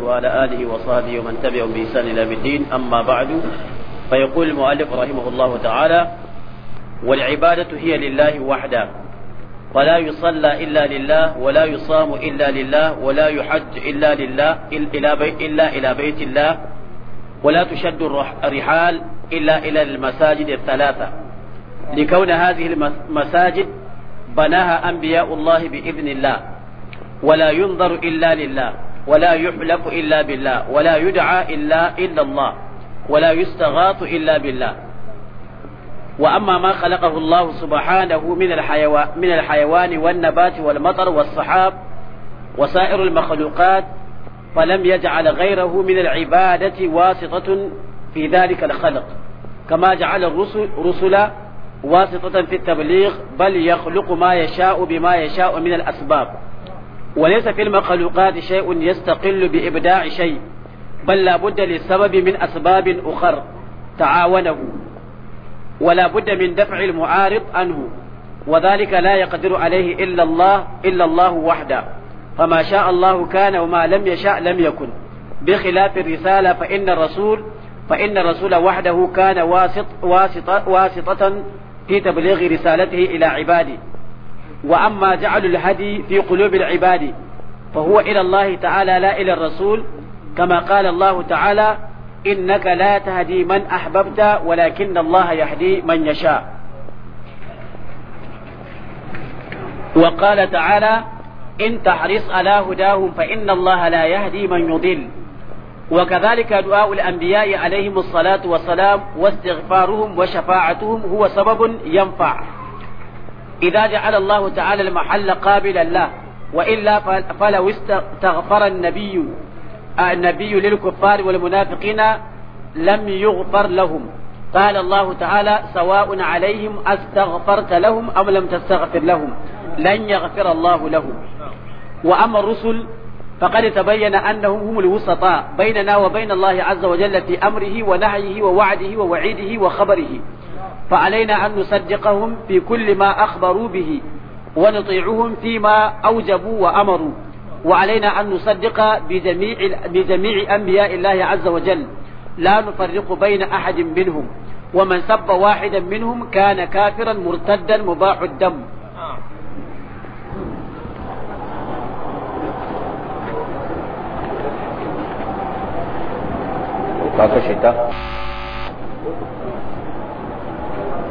وعلى آله وصحبه ومن تبعهم بإحسان إلى الدين أما بعد فيقول المؤلف رحمه الله تعالى والعبادة هي لله وحده ولا يصلى إلا لله ولا يصام إلا لله ولا يحج إلا لله إلا, إلا إلى بيت الله ولا تشد الرحال إلا إلى المساجد الثلاثة لكون هذه المساجد بناها أنبياء الله بإذن الله ولا ينظر إلا لله ولا يحلف إلا بالله ولا يدعى إلا إلا الله ولا يستغاث إلا بالله وأما ما خلقه الله سبحانه من الحيوان من الحيوان والنبات والمطر والصحاب وسائر المخلوقات فلم يجعل غيره من العبادة واسطة في ذلك الخلق كما جعل الرسل رسلا واسطة في التبليغ بل يخلق ما يشاء بما يشاء من الأسباب وليس في المخلوقات شيء يستقل بإبداع شيء بل لا بد للسبب من أسباب أخر تعاونه ولا بد من دفع المعارض عنه وذلك لا يقدر عليه إلا الله إلا الله وحده فما شاء الله كان وما لم يشاء لم يكن بخلاف الرسالة فإن الرسول فإن الرسول وحده كان واسط واسطة, واسطة في تبليغ رسالته إلى عباده وأما جعل الهدي في قلوب العباد فهو إلى الله تعالى لا إلى الرسول كما قال الله تعالى إنك لا تهدي من أحببت ولكن الله يهدي من يشاء وقال تعالى إن تحرص على هداهم فإن الله لا يهدي من يضل وكذلك دعاء الأنبياء عليهم الصلاة والسلام واستغفارهم وشفاعتهم هو سبب ينفع إذا جعل الله تعالى المحل قابلا له وإلا فلو استغفر النبي آه، النبي للكفار والمنافقين لم يغفر لهم قال الله تعالى سواء عليهم استغفرت لهم أم لم تستغفر لهم لن يغفر الله لهم وأما الرسل فقد تبين أنهم هم الوسطاء بيننا وبين الله عز وجل في أمره ونهيه ووعده ووعيده وخبره فعلينا أن نصدقهم في كل ما أخبروا به ونطيعهم فيما أوجبوا وأمروا وعلينا أن نصدق بجميع, بجميع أنبياء الله عز وجل لا نفرق بين أحد منهم ومن سب واحدا منهم كان كافرا مرتدا مباح الدم ka kashe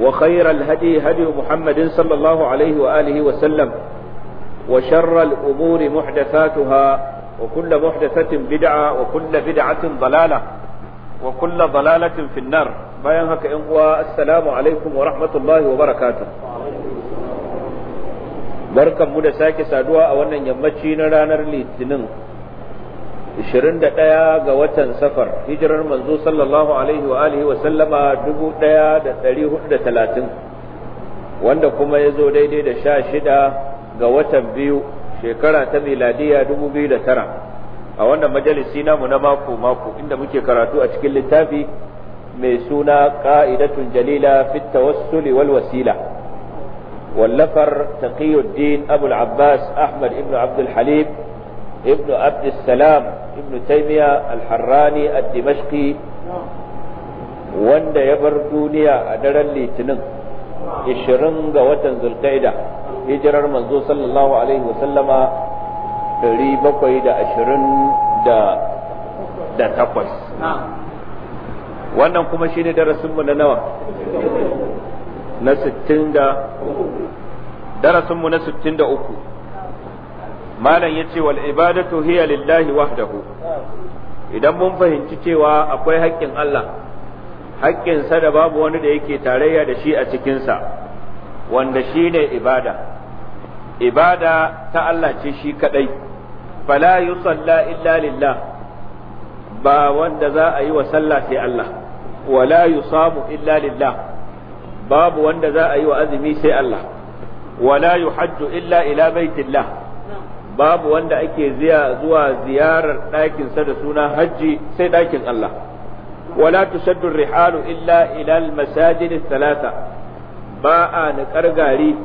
وخير الهدي هدي محمد صلى الله عليه وآله وسلم وشر الأمور محدثاتها وكل محدثة بدعة وكل بدعة ضلالة وكل ضلالة في النار بيان هكا السلام عليكم ورحمة الله وبركاته barkan mu da sake saduwa a wannan yammaci na ranar litinin Ishirin da ɗaya ga watan safar hijirar manzo sallallahu alaihi wa alihi wa sallama dubu ɗaya da da hudu talatin wanda kuma ya zo daidai da sha shida ga watan biyu shekara ta miladiya dubu biyu da tara. a wannan majalisi namu na mako mako inda muke karatu a cikin littafi mai suna ka'idatun jalila fit tawassuli wal wasila wallafar taqiyuddin abul abbas ahmad ibn abdul halim ibnu abdussalam ibnu taimiya alharrani addimashki wanda ya bar duniya a daren litinin 20 ga watan zulkaida hijirar manzo sallallahu alaihi wasallama 728 wannan kuma shine darasinmu na nawa na 60 da darasinmu na 63 malam yace wal ibadatu hiya lillahi wahdahu idan mun fahimci cewa akwai haƙƙin Allah haƙƙinsa da babu wani da yake tarayya da shi a cikinsa wanda shi ne ibada ibada ta Allah ce shi kaɗai fala salla illa lillah ba wanda za a yi wa sallah sai Allah wala yusamu illa lillah babu wanda za a yi wa azumi sai Allah wala yuhajju illa ila baitillah babu wanda ake zuwa ziyarar ɗakinsa da suna hajji sai ɗakin Allah wala tusaddu rihalu illa ila al-masajid thalatha ba a niƙar gari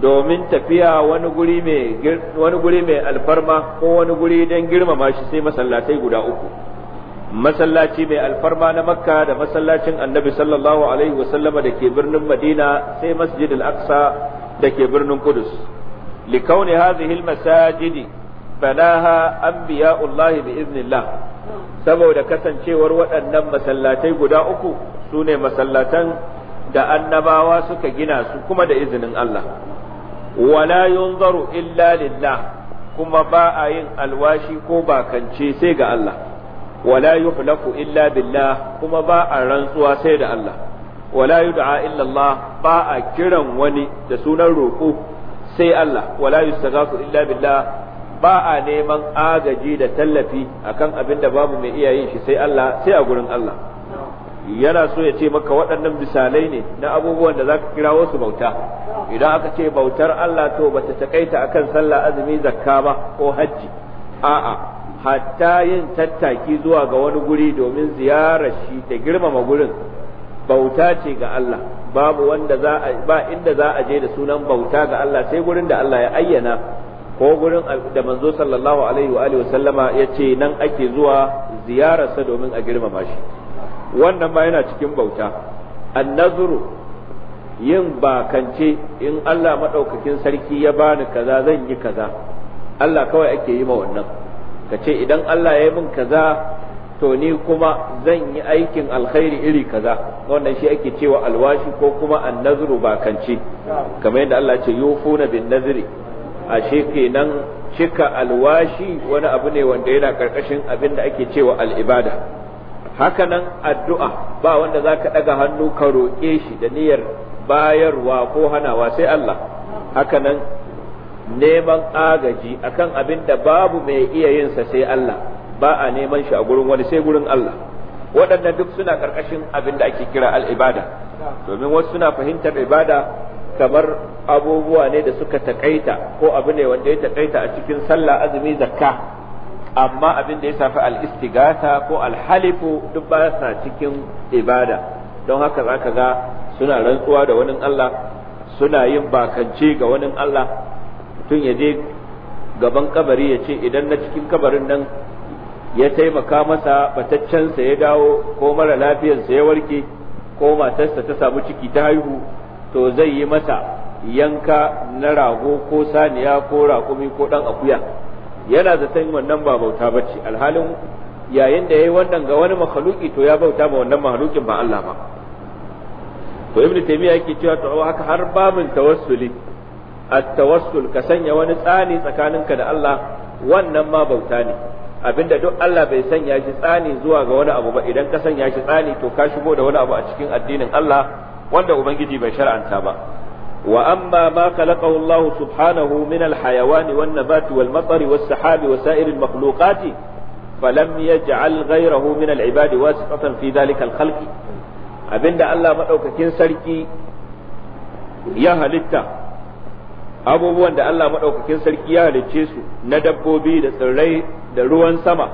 domin tafiya wani guri mai wani guri mai alfarma ko wani guri don girmama shi sai masallatai guda uku masallaci mai alfarma na makka da masallacin annabi sallallahu alaihi wasallama da ke birnin madina sai masjid al-aqsa da ke birnin kudus لكون هذه المساجد بناها أنبياء الله بإذن الله saboda kasancewar waɗannan masallatai guda uku su ne masallatan da annabawa suka gina su kuma da izinin Allah wala yunzaru illa lillah kuma ba a yin alwashi ko bakance sai ga Allah wala yuhlaku illa billa kuma ba a rantsuwa sai da Allah Walayu yud'a illa ba a kiran wani da sunan roƙo sai Allah wala yustaghafu illa billah ba a neman agaji da tallafi akan abin da babu mai iya yin shi sai Allah sai a gurin Allah yana so ya ce maka waɗannan misalai ne na abubuwan da zaka kira wasu bauta idan aka ce bautar Allah to bata takaita akan sallah azumi zakka ba ko hajji a'a hatta yin tattaki zuwa ga wani guri domin ziyarar shi da girmama gurin bauta ce ga Allah babu wanda za a ba inda za a je da sunan bauta ga Allah sai gurin da Allah ya ayyana ko gurin da manzo sallallahu alaihi wa alihi sallama yace nan ake zuwa ziyararsa domin a girmama shi wannan ma yana cikin bauta annazuru yin bakance in Allah madaukakin sarki ya bani kaza zan yi kaza Allah kawai ake yi ma wannan kace idan Allah ya yi min kaza to ni kuma zan yi aikin alkhairi iri kaza wannan shi ake cewa alwashi ko kuma annazru bakanci kamar yadda Allah ce yufuna bin nazri ashe kenan cika alwashi wani abu ne wanda yana karkashin abin da ake cewa al'ibada hakanan addu'a ba wanda za ka ɗaga hannu ka roƙe shi da niyyar bayarwa ko hanawa sai Allah hakanan neman agaji akan abin da babu mai iya yinsa sai Allah ba a neman shi a gurin wani sai gurin Allah waɗannan duk suna ƙarƙashin abin da ake kira al'ibada domin wasu suna fahimtar ibada kamar abubuwa ne da suka takaita ko abu ne wanda ya takaita a cikin sallah azumi zakka amma abin da ya safi al'istigata ko alhalifu duk ba sa cikin ibada don haka za ka ga suna rantsuwa da wani Allah suna yin bakance ga wani Allah tun ya je gaban kabari ya ce idan na cikin kabarin nan ya taimaka masa bataccensa ya dawo ko mara lafiyarsa ya warke ko matarsa ta samu ciki ta haihu to zai yi masa yanka na rago ko saniya ko raƙumi ko ɗan akuya yana zaton wannan ba bauta bace alhalin yayin da yayi wannan ga wani makhluki to ya bauta ma wannan makhlukin ba Allah ba to ibnu taymiya yake cewa to haka har babin tawassuli at-tawassul ka sanya wani tsani tsakaninka da Allah wannan ma bauta ne abinda duk Allah bai sanya shi tsani zuwa ga wani abu ba idan ka sanya shi tsani to ka shigo da wani abu a cikin addinin Allah wanda ubangiji bai shar'anta ba wa amma ma khalaqahu Allah subhanahu min al-hayawan wan nabat wal matar was sahab wa sa'ir al makhluqat falam yaj'al ghayrahu min al-ibad wasitatan fi dhalika al abinda Allah madaukakin sarki ya halitta abubuwan da Allah maɗaukakin sarki ya halicce su na dabbobi da tsirrai da ruwan sama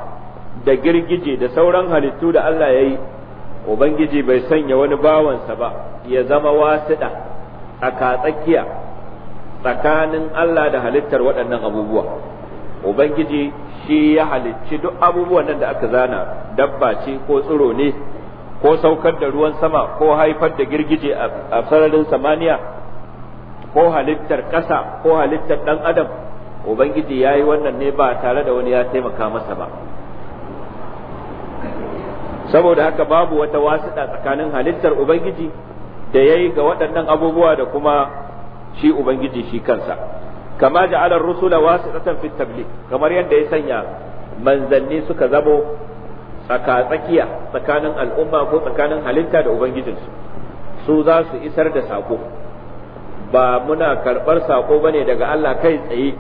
da girgije da sauran halittu da Allah ya yi ubangiji bai sanya wani bawansa ba ya zama wasiɗa a katsakiya tsakanin Allah da halittar waɗannan abubuwa ubangiji shi ya halicci duk abubuwan nan da aka zana dabba ce ko tsiro ne ko saukar da ruwan sama ko haifar da girgije a sararin samaniya ko halittar ƙasa ko halittar ɗan adam ubangiji ya yi wannan ne ba tare da wani ya taimaka masa ba saboda haka babu wata wasiɗa tsakanin halittar ubangiji da ya yi ga waɗannan abubuwa da kuma shi ubangiji shi kansa kama ja'alar rusula wasiɗatan fit tabligh kamar yadda ya sanya manzanni suka zabo tsaka tsakiya tsakanin al'umma ko tsakanin halitta da ubangijinsu su za su isar da saƙo. ba muna karɓar saƙo ba ne daga Allah kai tsaye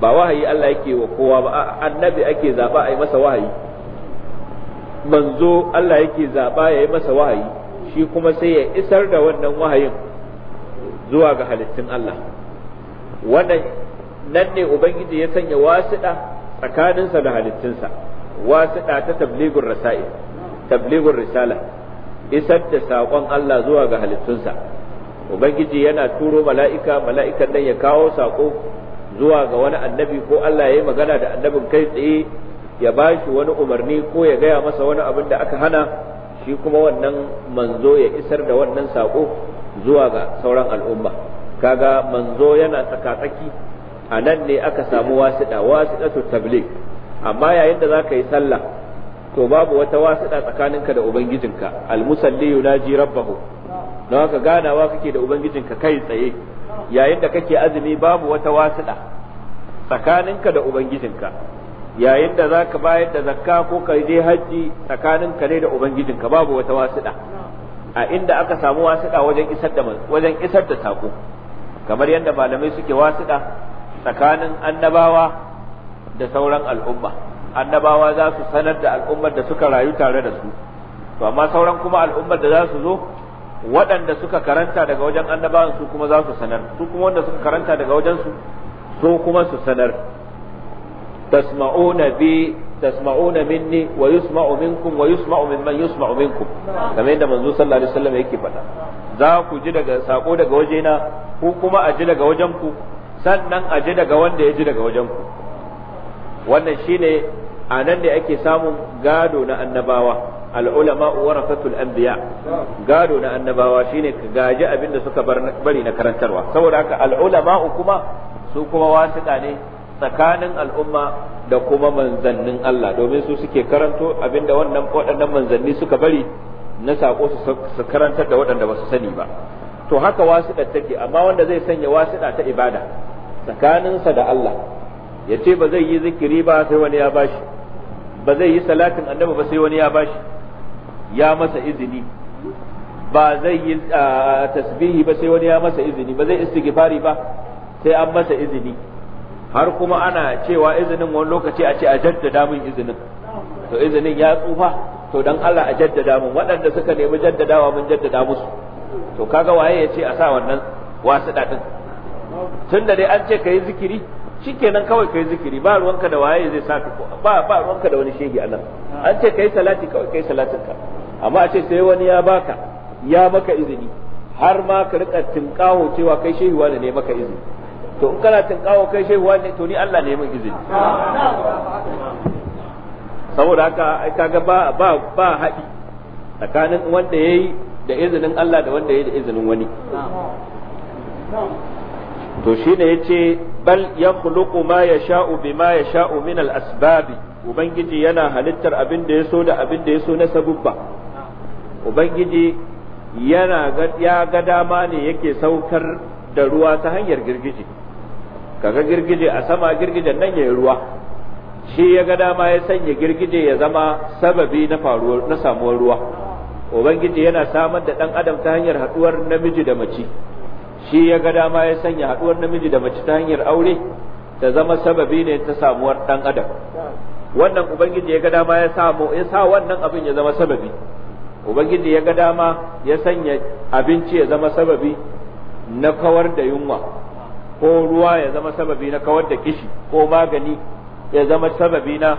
ba wahayi Allah yake wa kowa ba annabi ake zaɓa a yi masa wahayi manzo Allah yake zaɓa ya yi masa wahayi shi kuma sai ya isar da wannan wahayin zuwa ga halittun Allah wannan nan ne Ubangiji ya sanya wasiɗa tsakaninsa da halittunsa wasiɗa ta tabligun rasa'i tabligun risala isar da saƙon Allah zuwa ga halittunsa ubangiji yana turo mala'ika mala'ikan nan ya kawo sako zuwa ga wani annabi ko Allah ya yi magana da annabin kai tsaye ya ba shi wani umarni ko ya gaya masa wani abin da aka hana shi kuma wannan manzo ya isar da wannan sako zuwa ga sauran al'umma kaga manzo yana tsakatsaki a nan ne aka samu wasiɗa wasiɗa to tabligh amma yayin da za ka yi sallah to babu wata wasiɗa tsakaninka da ubangijinka al-musalli yunaji rabbahu don haka ganawa kake da ubangijinka kai tsaye yayin da kake azumi babu wata wasiɗa tsakaninka da ubangijinka yayin da za ka bayar da zakka ko ka je hajji tsakaninka ne da ubangijinka babu wata wasiɗa a inda aka samu wasiɗa wajen isar da wajen isar da sako kamar yadda malamai suke wasiɗa tsakanin annabawa da sauran al'umma annabawa za su sanar da al'ummar da suka rayu tare da su to amma sauran kuma al'ummar da za su zo waɗanda suka karanta daga wajen annabawan su kuma za su sanar su kuma wanda suka karanta daga wajen su su kuma su sanar tasma'una bi tasma'una minni wa yusma'u minkum wa yusma'u mimman yusma'u minkum kamar yadda manzo sallallahu alaihi wasallam yake faɗa za ku ji daga sako daga wajena ku kuma a ji daga wajen ku sannan a ji daga wanda ya ji daga wajen ku wannan shine a nan da ake samun gado na annabawa al'ulama warasatul anbiya gado na annabawa shine ka gaji da suka bari na karantarwa saboda haka al'ulama kuma su kuma wasiƙa ne tsakanin al'umma da kuma manzannin Allah domin su suke karanto abin da waɗannan manzanni suka bari na sako su karantar da waɗanda ba su sani ba to haka wasiƙa take amma wanda zai sanya wasiƙa ta ibada tsakaninsa da Allah ya ce ba zai yi zikiri ba sai wani ya bashi ba zai yi salatin annabi ba sai wani ya bashi ya masa izini ba zai yi tasbihi ba sai wani ya masa izini ba zai istighfari ba sai an masa izini har kuma ana cewa izinin wani lokaci a ce a jaddada min izinin to izinin ya tsufa to dan Allah a jaddada min waɗanda suka nemi jaddadawa mun jaddada musu to kaga waye ya ce a sa wannan wasu ɗaɗin tun da dai an ce ka yi zikiri shikenan kawai ka yi zikiri ba ruwanka da waye zai sa ba ba ruwanka da wani shehi a nan an ce ka yi salati kawai ka yi salatinka amma a ce sai wani ya baka ya maka izini har ma ka rika tinkawo cewa kai shehuwa ne maka izini to in kana tinkawo kai shehuwa wani to ni Allah ne mun izini saboda haka kaga ba ba ba haɗi tsakanin wanda yayi da izinin Allah da wanda yayi da izinin wani to shine yace bal yakhluqu ma yasha'u bima yasha'u min al-asbab ubangiji yana halittar abin da yaso da abin da yaso na sabubba ubangiji yana ya ga dama ne yake saukar da ruwa ta hanyar girgije kaga girgije a sama girgijen nan yi ruwa shi ya ga dama ya sanya girgije ya zama sababi na faruwar na samuwar ruwa ubangiji yana samar da dan adam ta hanyar haduwar namiji da mace shi ya ga dama ya sanya haduwar namiji da mace ta hanyar aure ta zama sababi ne ta samuwar dan adam wannan ubangiji ya ga dama ya samu ya sa wannan abin ya zama sababi ubangiji ya ga dama ya sanya abinci ya zama sababi na kawar da yunwa ko ruwa ya zama sababi na kawar da kishi ko magani ya zama sababi na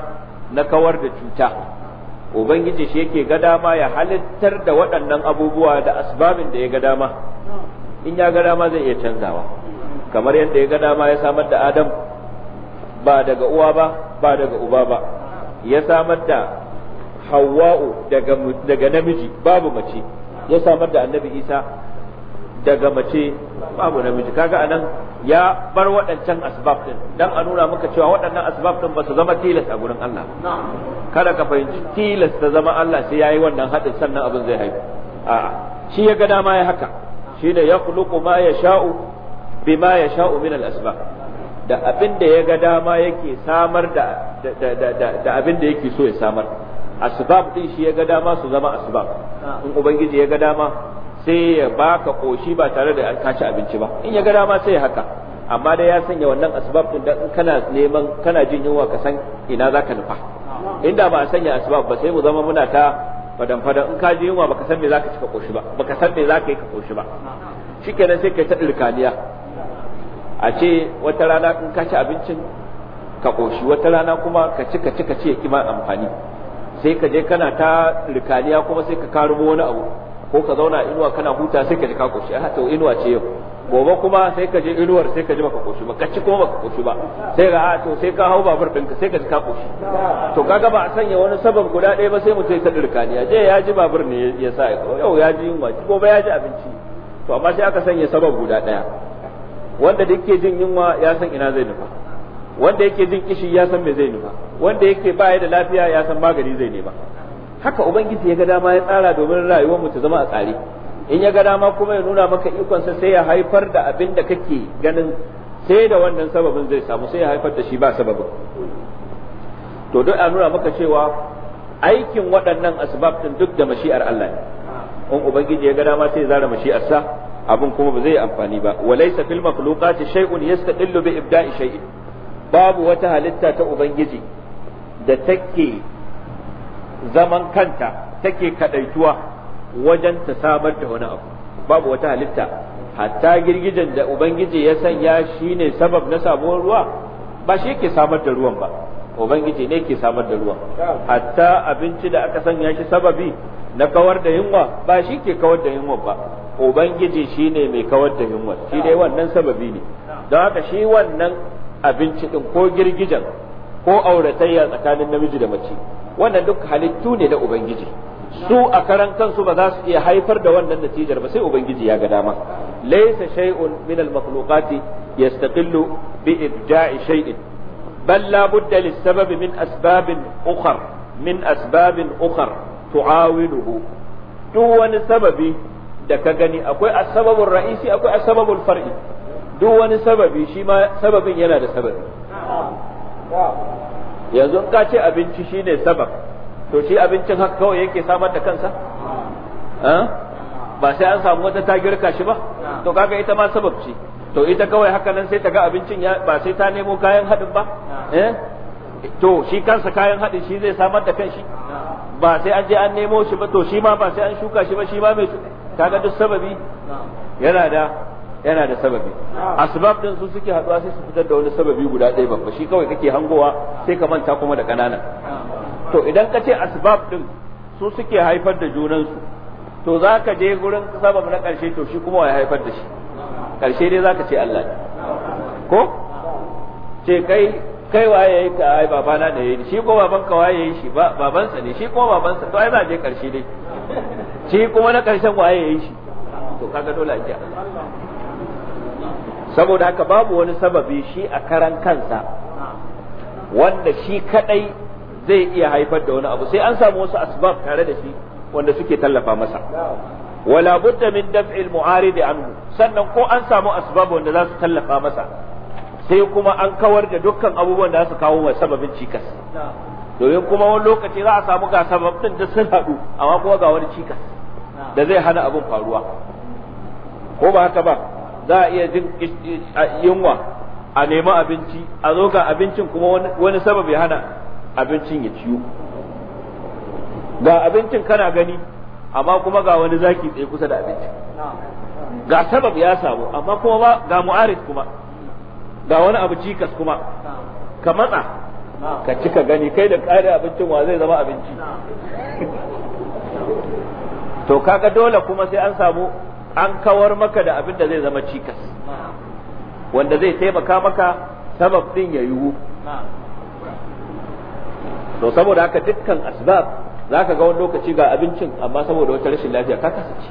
na kawar da cuta ubangiji shi yake ga dama ya halittar da waɗannan abubuwa da asbabin da ya ga dama in ya ga dama zai iya canzawa kamar yadda ya ga dama ya samar da adam ba daga uwa ba ba daga uba ba ya samar da hawa'u daga namiji babu mace ya samar da annabi isa daga mace babu namiji kaga anan ya bar waɗancan asbab din dan a nuna maka cewa waɗannan asbab din ba su zama tilas a gurin Allah kada ka fahimci tilas ta zama Allah sai yayi wannan hadin sannan abin zai haifu a'a shi ya ga dama ya haka Shi ya khuluqu ma yasha'u bima yasha'u min al-asbab da abin da ya ga dama yake samar da da abin da yake so ya samar asbab din shi ya ga dama su zama asbab in ubangiji ya ga dama sai ya baka koshi ba tare da an kaci abinci ba in ya ga dama sai ya haka amma dai ya sanya wannan asbab din dan kana neman kana jin yunwa ka san ina zaka nufa inda ba a sanya asbab ba sai mu zama muna ta fadan fadan in ka ji yunwa baka san me zaka ci ka koshi ba baka san me zaka yi ka koshi ba shikenan sai kai ta dirkaniya a ce wata rana in ka ci abincin ka koshi wata rana kuma ka ci ka ci ka ci ya kima amfani sai ka je kana ta rikaniya kuma sai ka karubo wani abu ko ka zauna inuwa kana huta sai ka ji ka koshi a to inuwa ce yau gobe kuma sai ka je inuwar sai ka ji baka koshi ba kacci kuma baka koshi ba sai ga a ah, to sai ka hau babur ɗinka sai ka ji ka koshi to kaga ba a sanya wani sabab guda ɗaya ba sai mutum ya ta rikaniya je ya ji babur ne ya sa yau ya ji yunwa gobe ya ji abinci to amma sai aka sanya sabab guda ɗaya wanda duk ke jin yunwa ya san ina zai nufa wanda yake jin kishi ya san me zai nema wanda yake baya da lafiya ya san magani zai nema haka ubangiji ya ga dama ya tsara domin rayuwar mu ta zama a tsare in ya ga dama kuma ya nuna maka ikon sa sai ya haifar da abin da kake ganin sai da wannan sababin zai samu sai ya haifar da shi ba sababin to duk a nuna maka cewa aikin waɗannan asbab din duk da mashi'ar Allah ne in ubangiji ya ga dama sai ya zara sa abin kuma ba zai amfani ba walaysa fil makhluqati shay'un yastadillu bi ibda'i shay'in babu wata halitta ta ubangiji da take zaman kanta take kadaituwa wajen ta samar da wani abu babu wata halitta hatta girgijen da ubangiji ya sanya shine sabab na sabuwar ruwa ba shi yake samar da ruwan ba ubangiji ne ke samar da ruwan hatta abinci da aka sanya shi sababi na kawar da yunwa ba shi ke kawar da yunwa ba ubangiji shine mai kawar da yunwa shi dai wannan sababi ne don haka shi wannan abinci din ko girgijan ko auratayya tsakanin namiji da mace wannan duk halittu ne na ubangiji su a karan kansu ba za su iya haifar da wannan natijar ba sai ubangiji ya ga dama laysa shay'un min al-makhluqati yastaqillu bi ibda'i shay'in bal la budda lis-sabab min asbabin ukhar min asbabin ukhar duk wani sababi da ka gani akwai asbabul ra'isi akwai asbabul far'i duk wani sababi shi ma sababin yana da sababi yanzu in ka ce abinci shi ne sabab to shi abincin haka kawai yake samar da kansa ba sai an samu wata tagir kashi shi ba to kaga ita ma sabab ce to ita kawai haka nan sai ta ga abincin ba sai ta nemo kayan haɗin ba eh? to shi kansa kayan haɗin shi zai samar da kanshi ba sai an je an nemo shi ba to shi ma ba sai an shuka shi ba shi ma mai kaga duk sababi yana da yana da sababi asbab din su suke haɗuwa sai su fitar da wani sababi guda ɗaya babba shi kawai kake hangowa sai ka manta kuma da ƙanana to idan ka ce asbab din su suke haifar da junansu to za ka je gurin sabab na ƙarshe to shi kuma ya haifar da shi ƙarshe dai za ka ce Allah ko ce kai kai waye yayi ka ai babana da yayi shi ko baban ka waye yayi shi ba babansa ne shi baban babansa to ai za je karshe dai shi kuma na ƙarshen waye yayi shi to kaga dole a saboda haka babu wani sababi shi a karan kansa wanda shi kadai zai iya haifar da wani abu sai an samu wasu asbab tare da shi wanda suke tallafa masa wala budda min daf'il mu'aridi anhu sannan ko an samu asbab wanda za su tallafa masa sai kuma an kawar da dukkan abubuwan da za su kawo wa sababin cikas domin kuma wani lokaci za a samu ga sababin da sun haɗu amma kuma ga wani cikas da zai hana abin faruwa ko ba haka ba za a iya jin yunwa a nemi abinci a zo ga abincin kuma wani sababi hana abincin ya ciyo ga abincin kana gani amma kuma ga wani zaki tsaye kusa da abinci ga sabab ya samu amma kuma ba ga mu'arif kuma ga wani abu cikas kuma ka matsa ka cika gani kai da kare abincin wa zai zama abinci to kaga dole kuma sai an samu an kawar maka da abin da zai zama cikas wanda zai taimaka maka sabab din ya yiwu to saboda haka dukkan asbab za ka ga wani lokaci ga abincin amma saboda wata rashin lafiya ka kasa ci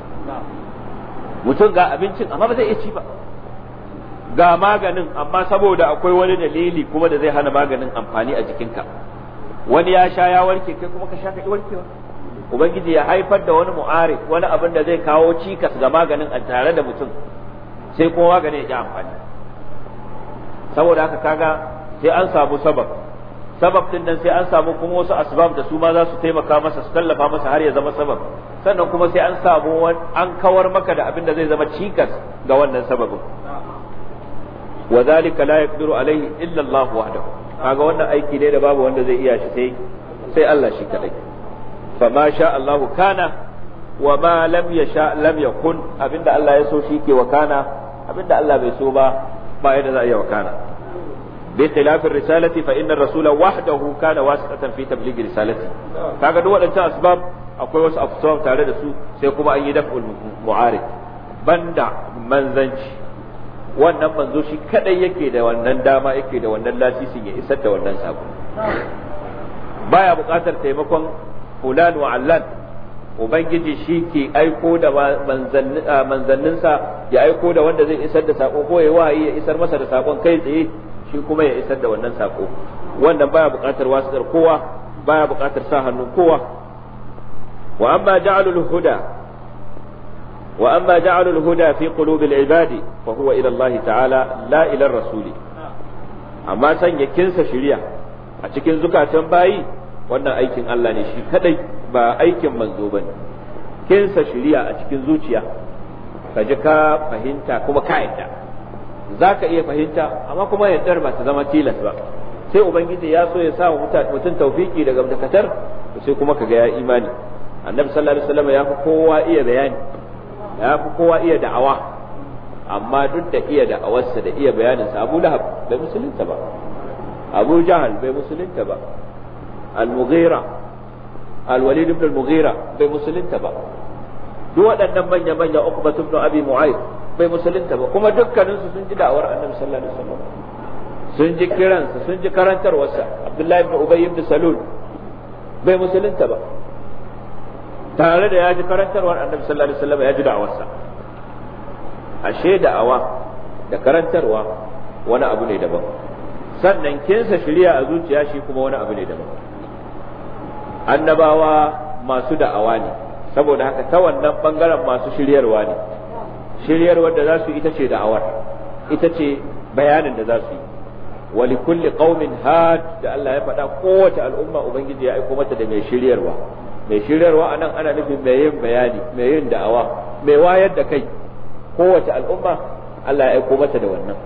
mutum ga abincin amma ba zai iya ci ba ga maganin amma saboda akwai wani dalili kuma da zai hana maganin amfani a jikinka wani ya sha ya warke kai kuma ka sha ka warkewa ubangiji ya haifar da wani mu'ari wani abin da zai kawo cikas ga maganin a tare da mutum sai kuma maganin ya ji amfani saboda haka kaga sai an samu sabab sabab din nan sai an samu kuma wasu asbab da su ma za su taimaka masa su tallafa masa har ya zama sabab sannan kuma sai an samu an kawar maka da abin da zai zama cikas ga wannan sababin wa zalika la yaqdiru alaihi illa Allah wahdahu kaga wannan aiki ne da babu wanda zai iya shi sai sai Allah shi kadai fama sha Allahu kana wa ma lam yasha lam yakun abinda Allah ya so shi ke wakana abinda Allah bai so ba ba yadda za a yi wakana bi khilaf risalati fa inna rasula wahdahu kana wasitatan fi tabligh risalati kaga duk wadannan asbab akwai wasu afsab tare da su sai kuma an yi banda manzanci wannan manzo shi kadai yake da wannan dama yake da wannan lasisin ya isar da wannan sako baya buƙatar taimakon fulan wa allan ubangiji shi ke aiko da manzanninsa ya aiko da wanda zai isar da sako ko ya wahayi ya isar masa da sakon kai tsaye shi kuma ya isar da wannan sako wannan baya buƙatar wasitar kowa baya buƙatar sa hannu kowa wa amma ja'alul huda wa amma ja'alul huda fi qulubil ibadi fa huwa ila Allah ta'ala la ila rasuli amma sanya kinsa shari'a a cikin zukatan bayi wannan aikin Allah ne shi kadai ba aikin manzo bane kinsa shiriya a cikin zuciya ka ji ka fahimta kuma ka yadda za ka iya fahimta amma kuma yaddar ba ta zama tilas ba sai ubangiji ya so ya sa wa mutum taufiki daga dakatar sai kuma ka ga ya imani annabi sallallahu alaihi wasallam ya fi kowa iya bayani ya fi kowa iya da'awa amma duk da iya da'awarsa da iya bayaninsa abu lahab bai musulunta ba abu jahal bai musulunta ba al-mughira al-walid ibn al-mughira bai musulunta ba duk waɗannan manya manya uqbat ibn abi mu'ayyid bai musulunta ba kuma dukkanin sun ji da'awar annabi sallallahu alaihi wasallam sun ji kiransa sun ji karantarwarsa abdullahi ibn ubay ibn salul bai musulunta ba tare da ya ji karantarwar annabi sallallahu alaihi wasallam ya ji ashe da'awa da karantarwa wani abu ne daban sannan kinsa shirya a zuciya shi kuma wani abu ne daban annabawa masu da'awa ne saboda haka ta wannan bangaren masu shiryarwa ne shiryarwar da za su ita ce da'awar ita ce bayanin da za su yi wa li kulli qaumin had da Allah ya faɗa kowace al'umma ubangiji ya aiko mata da mai shiryarwa mai shiryarwa anan ana nufin mai yin bayani mai yin da'awa mai wayar da kai kowace al'umma Allah ya aiko mata da wannan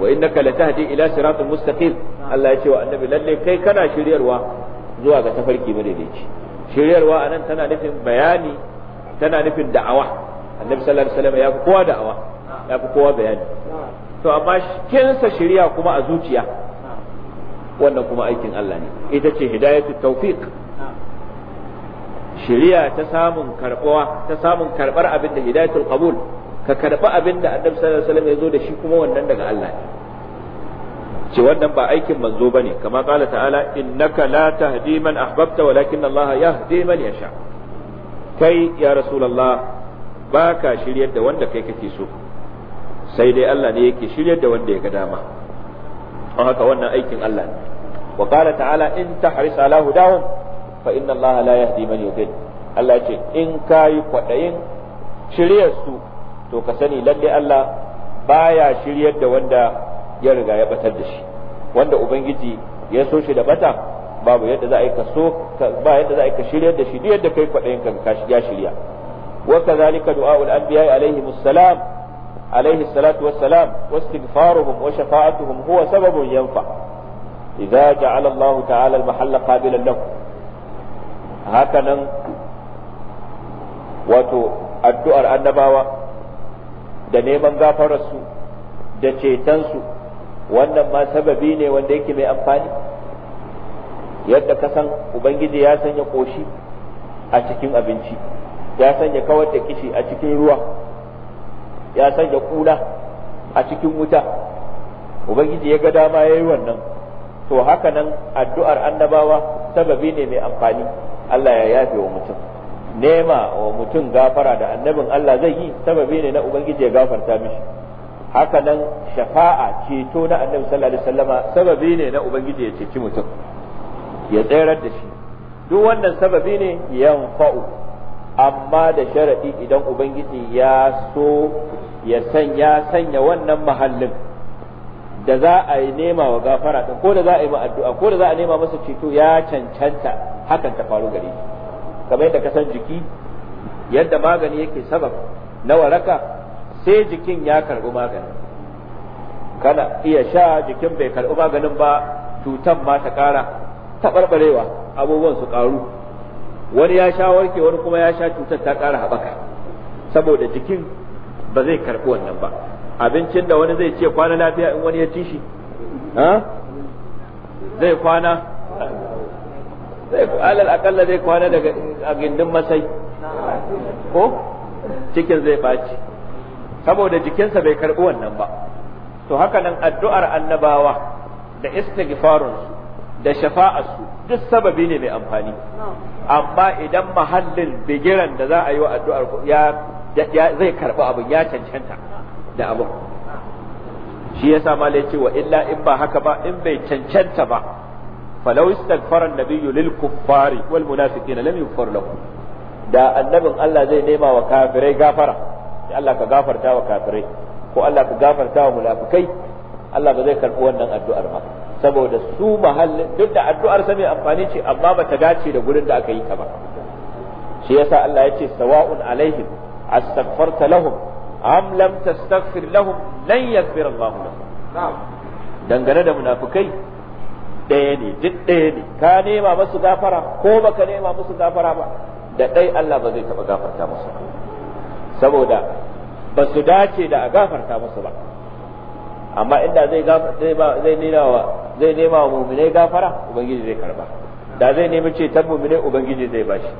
wa innaka latahdi ila siratin mustaqim Allah ya ce wa annabi lalle kai kana shiryarwa zuwa ga tafarki madaidaici shiryarwa a nan tana nufin bayani tana nufin da'awa annabi sallallahu alaihi wasallam ya fi kowa da'awa ya fi kowa bayani to amma kinsa shiriya kuma a zuciya wannan kuma aikin Allah ne ita ce hidayatul tawfiq shiriya ta samun karbuwa ta samun karbar abin da hidayatul qabul ka karba abin da annabi sallallahu alaihi wasallam ya zo da shi kuma wannan daga Allah ne ce wannan ba aikin manzo bane kama qala ta'ala innaka la tahdi man ahbabta walakin Allah yahdi man yasha kai ya rasulullah baka shiryar da wanda kai kake so sai dai Allah ne yake shiryar da wanda ya ga dama don haka wannan aikin Allah ne wa qala ta'ala in tahris ala hudahum fa inna Allah la yahdi man yudhil Allah ce in kayi kwadayin shiryar su to ka sani lalle Allah baya shiryar da wanda ya riga ya batar da shi wanda ubangiji ya so shi da bata babu yadda za a yi ka so ba yadda za a yi ka shiryar da shi duk yadda kai kwaɗayin ka ya shirya wa kadhalika du'aul anbiya alaihi salam alaihi salatu wassalam wastighfaruhum wa shafa'atuhum huwa sababun yanfa idza ja'ala Allah ta'ala al-mahalla qabilan lahu hakanan wato addu'ar annabawa da neman gafararsu da cetonsu wannan ma sababi ne wanda yake mai amfani yadda ka san ubangiji ya sanya koshi a cikin abinci ya sanya kawar da kishi a cikin ruwa ya sanya kula a cikin wuta ubangiji ya ga dama ya yi wannan to haka nan addu'ar annabawa sababi ne mai amfani Allah ya yafe wa mutum nema wa mutum gafara da annabin Allah zai yi sababi ne na ubangiji ya gafarta mishi haka nan shafa'a ceto na annabi sallallahu alaihi wasallama sababi ne na ubangiji ya ceci mutum ya tsayar da shi duk wannan sababi ne yanfa'u amma da sharadi idan ubangiji ya so ya sanya sanya wannan mahallin da za a yi nema wa gafara din ko da za a yi addu'a ko da za a nema masa ceto ya cancanta hakan ta faru gare shi kamar yadda kasan jiki yadda magani yake sabab na waraka sai jikin ya karbi magani kana iya sha jikin bai karbi maganin ba cutan ma ta kara taɓarɓarewa abubuwan su karu wani ya sha warke wani kuma ya sha cutar ta kara haɓaka saboda jikin ba zai karbi wannan ba abincin da wani zai ce kwana lafiya in wani ya ci shi zai kwana zai alal akalla zai kwana daga gindin masai ko cikin zai baci saboda jikinsa bai karbi wannan ba to haka nan addu'ar annabawa da istighfarunsu da shafa'arsu duk sababi ne mai amfani amma idan mahallin bigiran da za a yi wa addu'ar ya zai karbi abin ya cancanta da abin shi ya sa ce wa illa in ba haka ba in bai cancanta ba falau istaghfara nabiyyu lil kuffari wal munafiqina lam yughfar lahu da annabin Allah zai nema wa kafirai gafara ya Allah ka gafarta wa kafirai ko Allah ka gafarta wa munafikai Allah ba zai karɓi wannan addu'ar ba saboda su mahallin duk da addu'ar sa mai amfani ce amma ba ta dace da gurin da aka yi ta ba shi yasa Allah ya ce sawa'un alaihim astaghfarta lahum am lam tastaghfir lahum lan yaghfir Allah lahum dangane da munafikai ɗaya ne duk ɗaya ne ka nema musu gafara ko baka nema musu gafara ba da ɗai Allah ba zai taɓa gafarta musu ba saboda ba su dace da a gafarta musu ba amma inda zai zai nema wa zai nema wa mu'minai gafara ubangiji zai karba da zai nemi ce ta mu'minai ubangiji zai bashi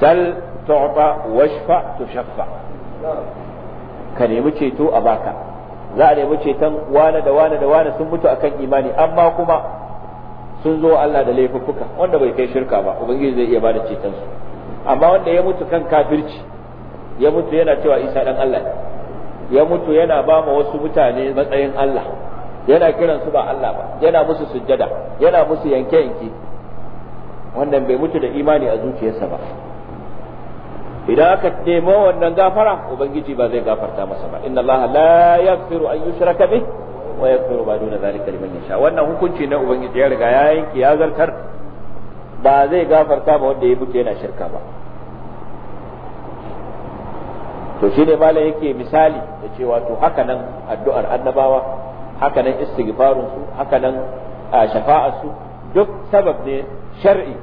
sal tu'ta washfa tushaffa ka nemi ceto a baka za a nemi ceton wane da wane da wane sun mutu akan imani amma kuma sun zo Allah da laifuffuka wanda bai kai shirka ba ubangiji zai iya bada ceton su amma wanda ya mutu kan kafirci ya mutu yana cewa isa dan Allah ya mutu yana ba ma wasu mutane matsayin Allah yana kiran su ba Allah ba yana musu sujjada yana musu yanke yanke wannan bai mutu da imani a zuciyarsa ba idan aka nemo wannan gafara ubangiji ba zai gafarta masa ba inna allaha la yaghfiru an yushraka bih wa yaghfiru ma duna zalika liman yasha wannan hukunci na ubangiji ya riga ya yanke ya zartar ba zai gafarta ba wanda ya mutu yana shirka ba to shi ne malam yake misali da cewa to haka nan addu'ar annabawa haka nan istighfarun su haka nan su duk sabab ne shar'i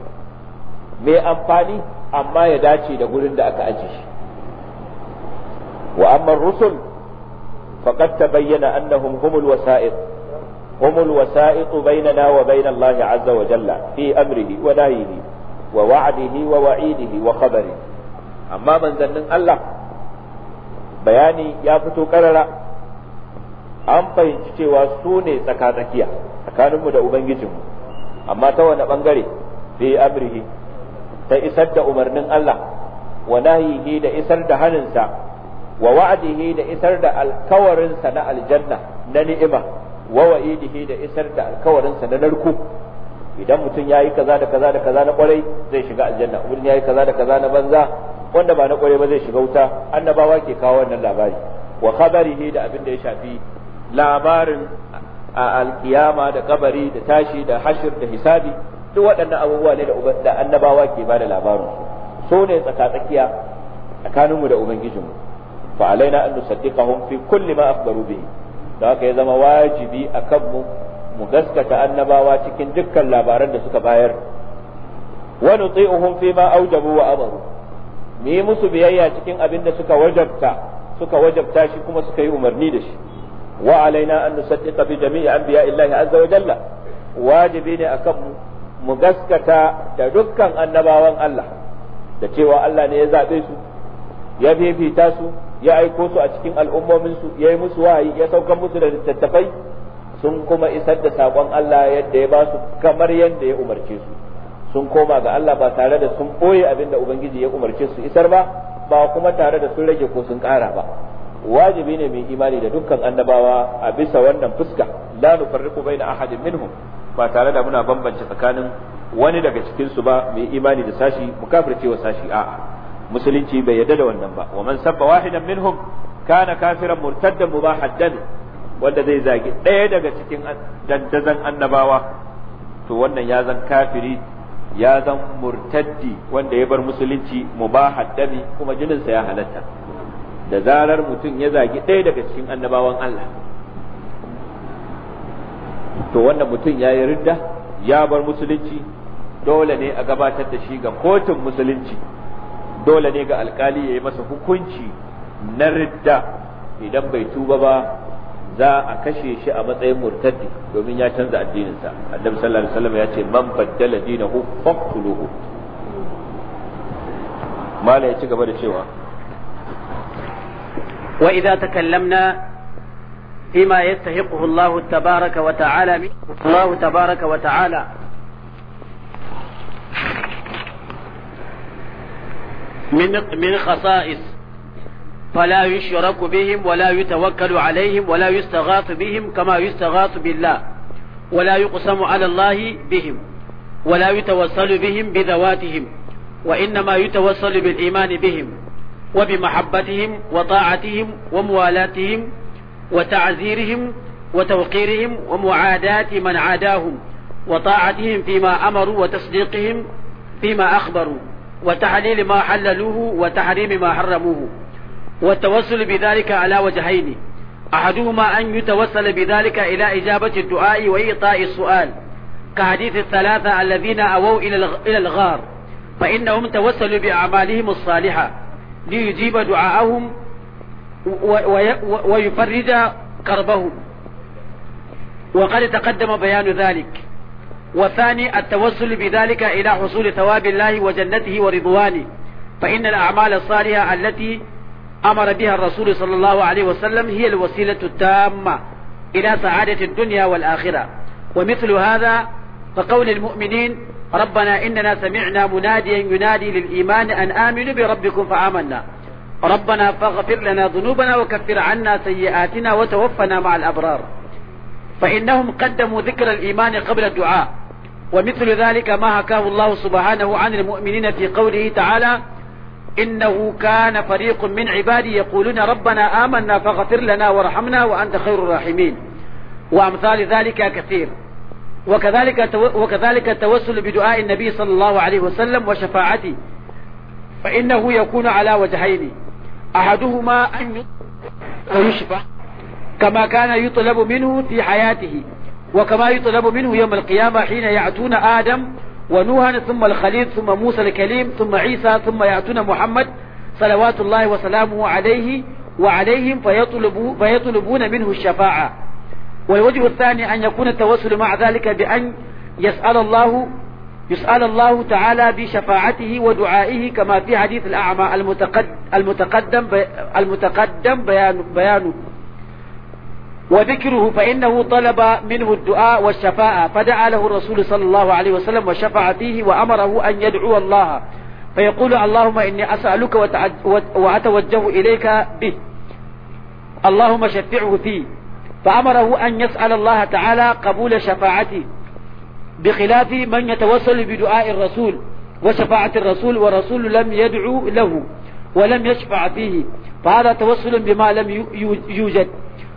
mai amfani amma ya dace da gurin da aka aje shi wa amma rusul faqad tabayyana annahum humul wasa'iq هم الوسائط بيننا وبين الله عز وجل في أمره ونهيه wa ووعيده وخبره أما من ذنن allah. bayani ya fito karara an fahimci cewa su ne tsaka-tsakiya tsakaninmu da ubangijinmu amma ta wani bangare sai amrihi ta isar da umarnin Allah wa nahihi da isar da haninsa wa wa'adihi da isar da alkawarinsa na aljanna na ni'ima wa wa'idihi da isar da alkawarinsa na narko idan mutum ya yi kaza da kaza da kaza na kwarai zai shiga aljanna mutum ya yi kaza da kaza na banza wanda ba na kware ba zai shiga wuta annabawa ke kawo wannan labari wa khabarihi da abin da ya shafi labarin a alkiyama da kabari da tashi da hashir da hisabi duk waɗannan abubuwa ne da annabawa ke ba da labarin su ne tsakatsakiya tsakaninmu da ubangijinmu fa alaina an nusaddiqahum fi kulli ma akhbaru bihi da haka ya zama wajibi a kanmu mu gaskata annabawa cikin dukkan labaran da suka bayar wa nuti'uhum fi ma aujabu wa amaru mu yi musu biyayya cikin abin da suka wajabta suka wajabta shi kuma suka yi umarni da shi wa alaina an nusaddiqa bi jami'i anbiya illahi azza wa jalla wajibi ne akan mu mu gaskata da dukkan annabawan Allah da cewa Allah ne ya zabe su ya fifita su ya aiko su a cikin al'ummomin su ya yi musu wahayi ya saukar musu da littattafai sun kuma isar da saƙon Allah yadda ya ba su kamar yadda ya umarce su sun koma ga Allah ba tare da sun boye abinda ubangiji ya umarce su isar ba ba kuma tare da sun rage ko sun ƙara ba wajibi ne mai imani da dukkan annabawa a bisa wannan fuska la nufarriqu baina ahadin minhum ba tare da muna bambance tsakanin wani daga cikin su ba mai imani da sashi mukafirce wa sashi a'a musulunci bai yarda da wannan ba wa man sabba wahidan minhum kana kafiran murtaddan mubahaddan wanda zai zagi ɗaya daga cikin daddazan annabawa to wannan ya zan kafiri ya zan murtaddi wanda ya bar musulunci mubahad dami kuma jininsa ya halatta da zarar mutum ya zagi ɗaya daga cikin annabawan Allah to wanda mutum ya yi ridda ya bar musulunci dole ne a gabatar da shi ga kotun musulunci dole ne ga alkali ya yi masa hukunci na ridda idan bai tuba ba za a kashe shi a matsayin murtadi domin ya canza addininsa annabi sallallahu alaihi wasallam ya ce man baddala dinahu faqtuluhu mala ya ci gaba da cewa wa idza takallamna yastahiquhu فيما tabaaraka wa ta'ala وتعالى tabaaraka wa ta'ala من من خصائص فلا يشرك بهم ولا يتوكل عليهم ولا يستغاث بهم كما يستغاث بالله ولا يقسم على الله بهم ولا يتوصل بهم بذواتهم وإنما يتوصل بالإيمان بهم وبمحبتهم وطاعتهم وموالاتهم وتعزيرهم وتوقيرهم ومعاداة من عاداهم وطاعتهم فيما أمروا وتصديقهم فيما أخبروا وتحليل ما حللوه وتحريم ما حرموه والتوسل بذلك على وجهين أحدهما أن يتوسل بذلك إلى إجابة الدعاء وإعطاء السؤال كحديث الثلاثة الذين أووا إلى الغار فإنهم توسلوا بأعمالهم الصالحة ليجيب دعاءهم ويفرج كربهم وقد تقدم بيان ذلك وثاني التوسل بذلك إلى حصول ثواب الله وجنته ورضوانه فإن الأعمال الصالحة التي أمر بها الرسول صلى الله عليه وسلم هي الوسيلة التامة إلى سعادة الدنيا والآخرة ومثل هذا فقول المؤمنين ربنا إننا سمعنا مناديا ينادي للإيمان أن آمنوا بربكم فآمنا ربنا فاغفر لنا ذنوبنا وكفر عنا سيئاتنا وتوفنا مع الأبرار فإنهم قدموا ذكر الإيمان قبل الدعاء ومثل ذلك ما حكاه الله سبحانه عن المؤمنين في قوله تعالى إنه كان فريق من عبادي يقولون ربنا آمنا فاغفر لنا وارحمنا وأنت خير الراحمين وأمثال ذلك كثير وكذلك وكذلك التوسل بدعاء النبي صلى الله عليه وسلم وشفاعته فإنه يكون على وجهين أحدهما أن يشفع كما كان يطلب منه في حياته وكما يطلب منه يوم القيامة حين يعتون آدم ونوحا ثم الخليل ثم موسى الكليم ثم عيسى ثم يأتون محمد صلوات الله وسلامه عليه وعليهم فيطلبوا فيطلبون منه الشفاعة والوجه الثاني أن يكون التوسل مع ذلك بأن يسأل الله يسأل الله تعالى بشفاعته ودعائه كما في حديث الأعمى المتقدم المتقدم بيانه وذكره فإنه طلب منه الدعاء والشفاعة فدعا له الرسول صلى الله عليه وسلم وشفع فيه وأمره أن يدعو الله فيقول اللهم إني أسألك وأتوجه إليك به اللهم شفعه فيه فأمره أن يسأل الله تعالى قبول شفاعته بخلاف من يتوسل بدعاء الرسول وشفاعة الرسول والرسول لم يدعو له ولم يشفع فيه فهذا توسل بما لم يوجد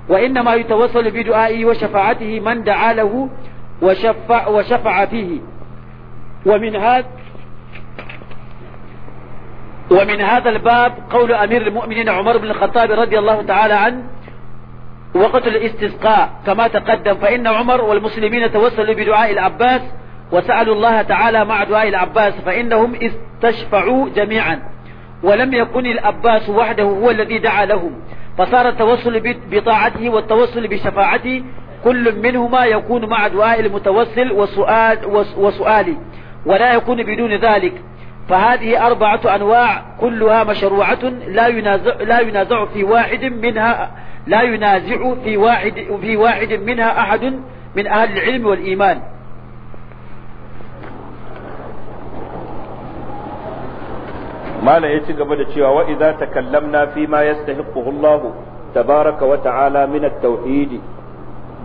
وإنما يتوصل بدعائه وشفاعته من دعا له وشفع, وشفع فيه ومن هذا ومن هذا الباب قول أمير المؤمنين عمر بن الخطاب رضي الله تعالى عنه وقت الاستسقاء كما تقدم فإن عمر والمسلمين توسلوا بدعاء العباس وسألوا الله تعالى مع دعاء العباس فإنهم استشفعوا جميعا ولم يكن العباس وحده هو الذي دعا لهم فصار التوسل بطاعته والتوسل بشفاعته كل منهما يكون مع دعاء المتوسل وسؤال وسؤالي ولا يكون بدون ذلك فهذه أربعة أنواع كلها مشروعة لا ينازع لا ينازع في واحد منها لا ينازع في واحد في واحد منها أحد من أهل العلم والإيمان mala ya ci gaba da cewa wa idza takallamna fi ma yastahiqquhu Allahu tabaraka wa ta'ala min at-tauhid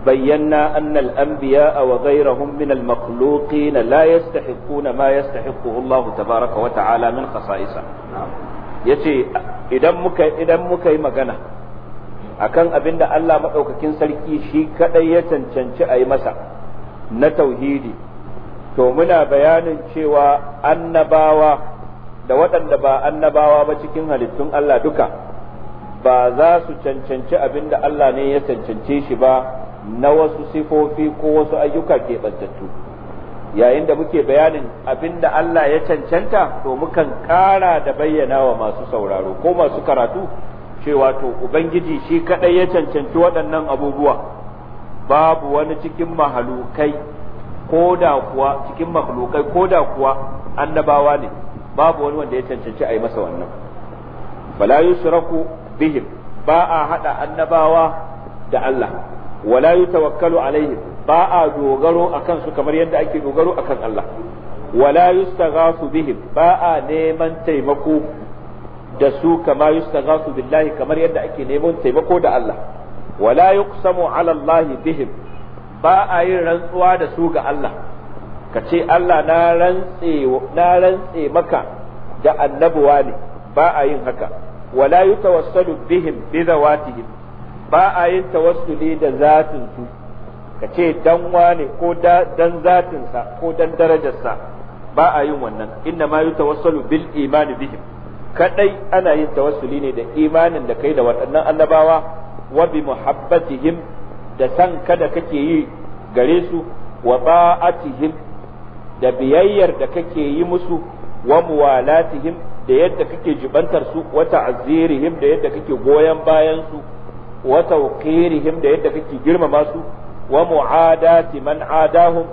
bayyana anna al-anbiya'a wa ghayrahum min al-makhluqin la yastahiqquna ma yastahiqquhu Allahu tabaraka wa ta'ala min khasa'isa yace idan muka idan muka yi magana akan abinda Allah madaukakin sarki shi kaɗai ya cancanci a yi masa na tauhidi to muna bayanin cewa annabawa da waɗanda ba annabawa ba cikin halittun Allah duka ba za su cancanci abin da Allah ne ya cancance shi ba na wasu sifofi ko wasu ayyuka keɓantattu yayin da muke bayanin abin da Allah ya cancanta to mukan ƙara da bayyana wa masu sauraro ko masu karatu cewa to Ubangiji shi kaɗai ya cancanci waɗannan abubuwa babu wani cikin mahalukai ko da kuwa cikin mahalukai ko da kuwa annabawa ne. babu wani wanda ya cancanci a yi masa wannan fala yusraku bihim ba a hada annabawa da Allah wala yutawakkalu alaihim ba a dogaro akan su kamar yadda ake dogaro akan Allah wala yustaghasu bihim ba a neman taimako da su kama yustaghasu billahi kamar yadda ake neman taimako da Allah wala yuqsamu ala Allah bihim ba a yin rantsuwa da su ga Allah ka ce Allah na rantse maka da annabuwa ne ba a yin haka wala yi tawassalu bihim bi zawatihim ba a yin tawassuli da zatin su ka ce dan wane ko dan zatinsa ko dan darajarsa ba a yin wannan inna ma yi tawassalu bil imani bihim kadai ana yin tawassuli ne da imanin da kai da waɗannan annabawa wa bi muhabbatihim da san kada kake yi gare su wa ba'atihim da biyayyar da kake yi musu wa muwalatihim da yadda kake jibantar su wa ta'zirihim da yadda kake goyon bayan su wa tawqirihim da yadda kake girmama su wa mu'adati man adahum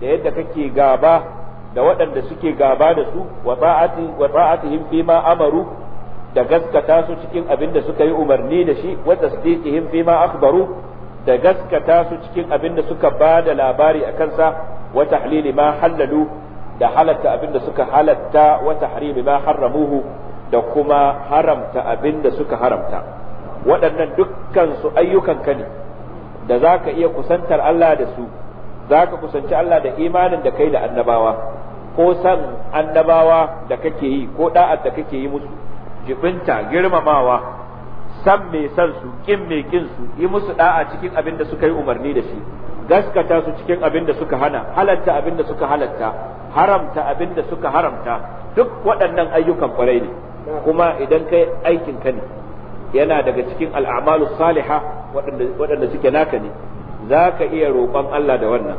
da yadda kake gaba da waɗanda suke gaba da su wa ta'ati wa ta'atihim fi ma amaru da gaskata su cikin abin da suka yi umarni da shi wa tasdiqihim fi ma akhbaru da gaskata su cikin abin da suka ba da labari a kansa wa tahlili ma hallalu da halatta abin da suka halatta wa tahrimi ma da kuma haramta abin da suka haramta waɗannan dukkan su ayyukan ka ne da ka iya kusantar Allah da su ka kusanci Allah da imanin da kai da annabawa ko san annabawa da kake yi ko da'ar da kake yi musu jibinta girmamawa san me san su kin me kin su yi musu da'a cikin abin da suka yi umarni da shi gaskata su cikin abin da suka hana halatta abin da suka halatta haramta abin da suka haramta duk waɗannan ayyukan kwarai ne kuma idan kai aikin ka ne yana daga cikin al'amalu saliha waɗanda suke naka ne za ka iya roƙon Allah da wannan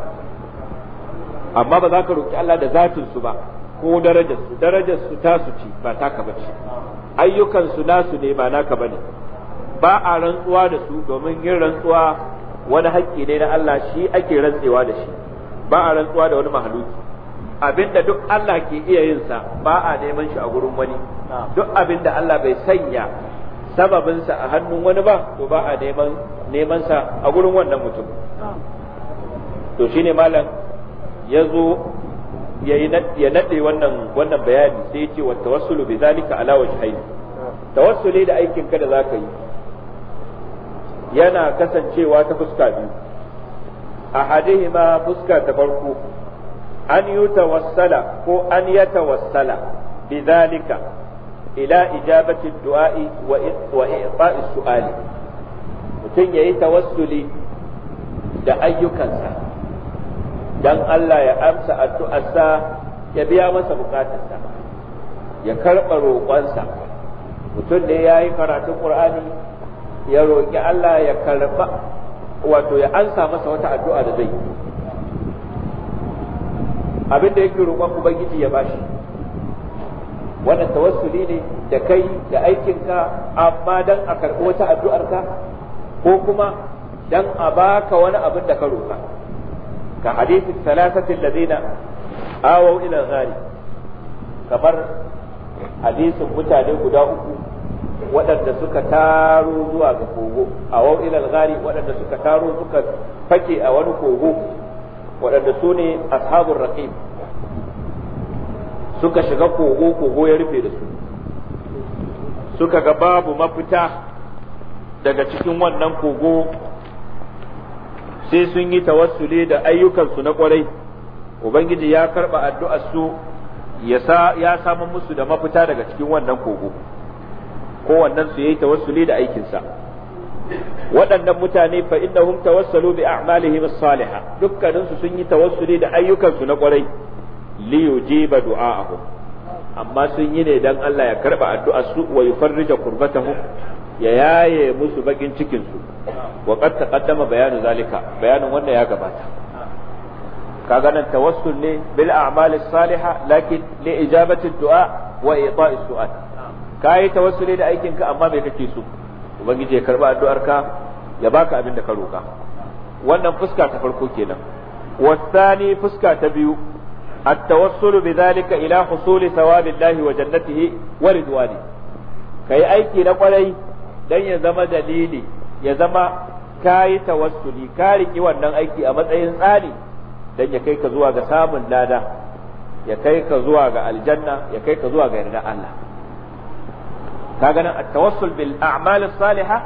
amma ba za ka roƙi Allah da zatin su ba ko darajarsu darajarsu tasu ci ba taka ayyukan ayyukansu nasu ne ba naka bane ba a rantsuwa da su domin yin rantsuwa wani hakki ne na Allah shi ake rantsewa da shi ba a rantsuwa da wani mahaluki abinda duk Allah ke iya yin sa ba a neman shi a gurin wani duk abinda Allah bai sanya sababin sa a hannun wani ba to ba a neman neman sa a gurin wannan mutum to shine malam ya zo ya nade wannan wannan bayani sai ya ce wa tawassulu bi zalika ala wajhayn tawassuli da aikin ka da zaka yi yana kasancewa ta fuska biyu ahadihima fuska ta farko an yi yutawassala ko an yatawassala bidhalika ila ijabati du'a'i wa i'ta'i su'ali mutum yayi tawassuli da ayyukansa dan Allah ya amsa addu'arsa ya biya masa bukatarsa ya karɓa roƙonsa mutum ne ya yi karatun ƙur'ani ya roƙi Allah ya karba wato ya ansa masa wata addu'a da zai abin da yake roƙon ubangiji ya bashi wannan tawassuli ne da kai da aikinka amma dan a karɓi wata addu'arka ko kuma dan a baka wani abin da ka roƙa ka hadisin salasatin ladina awau ila ghari kamar hadisin mutane guda uku waɗanda suka taro zuwa ga kogo a wau ilal gari waɗanda suka taro suka fake a wani kogo waɗanda su ne ashabun raqib suka shiga kogo kogo ya rufe da su suka ga babu mafita daga cikin wannan kogo sai sun yi tawassuli da ayyukansu na kwarai ubangiji ya karba addu'ar su ya samu musu da mafita daga cikin wannan kogo kowannen su yayi tawassuli da aikinsa waɗannan mutane fa innahum tawassalu bi a'malihim as-salihah dukkanin su sun yi tawassuli da ayyukansu na kwarai li yujiba du'a'ahum amma sun yi ne dan Allah ya karba addu'ar su wa yufarrija kurbatahum ya yaye musu bakin cikin su wa qad taqaddama bayanu zalika bayanin wanda ya gabata kaga nan tawassul ne bil a'malis salihah lakin li ijabati du'a wa ita'i su'al ka yi tawassuli da aikinka amma mai kake so ubangiji ya karba ka ya baka abin da ka roka wannan fuska ta farko kenan wasani fuska ta biyu at-tawassulu bi dhalika ila husuli thawabillahi wa jannatihi wa ridwani kai aiki na kwarai dan ya zama dalili ya zama kayi tawassuli ka riki wannan aiki a matsayin tsari dan ya kai ka zuwa ga samun lada ya kai ka zuwa ga aljanna ya kai ka zuwa ga yarda Allah kaga nan at-tawassul bil a'mal as-salihah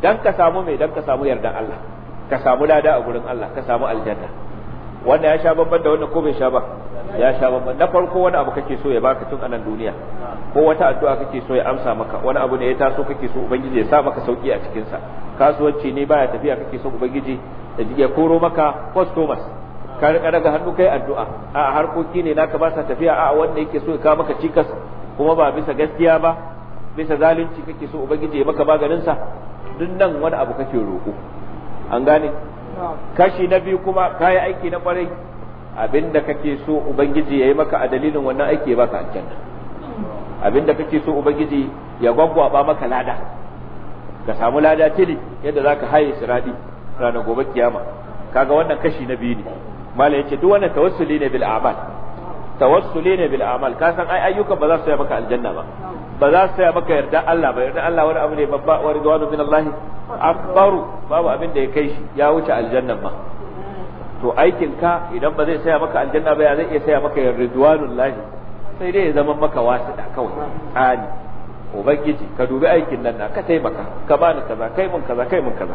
dan ka samu mai dan ka samu yardan Allah ka samu lada a gurin Allah ka samu aljanna wanda ya sha babban da wanda ko bai sha ba ya sha babban na farko wani abu kake so ya baka tun anan duniya ko wata addu'a kake so ya amsa maka wani abu ne ya taso kake so ubangiji ya sa maka sauki a cikin sa kasuwanci ne baya tafiya kake so ubangiji da ya koro maka customers ka rika daga hannu kai addu'a a harkoki ne naka ba sa tafiya a wanda yake so ya kawo maka cikas kuma ba bisa gaskiya ba bisa zalunci kake so ubangiji ya maka maganin sa duk nan wani abu kake roƙo an gane kashi na biyu kuma kayi aiki na kwarai abinda kake so ubangiji ya yi maka a dalilin wannan aiki ya baka aljanna abinda kake so ubangiji ya ba maka lada ka samu lada tili yadda zaka haye siradi ranar gobe kiyama kaga wannan kashi na biyu ne ya yace duk wannan tawassuli ne bil a'mal tawassuli ne bil amal ka san ai ayyukan ba za su saya maka aljanna ba ba za su saya maka yarda Allah ba yarda Allah wani abu ne babba wa ridwanu min Allah akbaru babu abin da ya kai shi ya wuce aljanna ba to aikin ka idan ba zai saya maka aljanna ba ya zai iya saya maka yarda ridwanul lahi sai dai ya zama maka wasiɗa kawai tsani ubangiji ka dubi aikin nan na ka taimaka ka bani kaza kai mun kaza kai mun kaza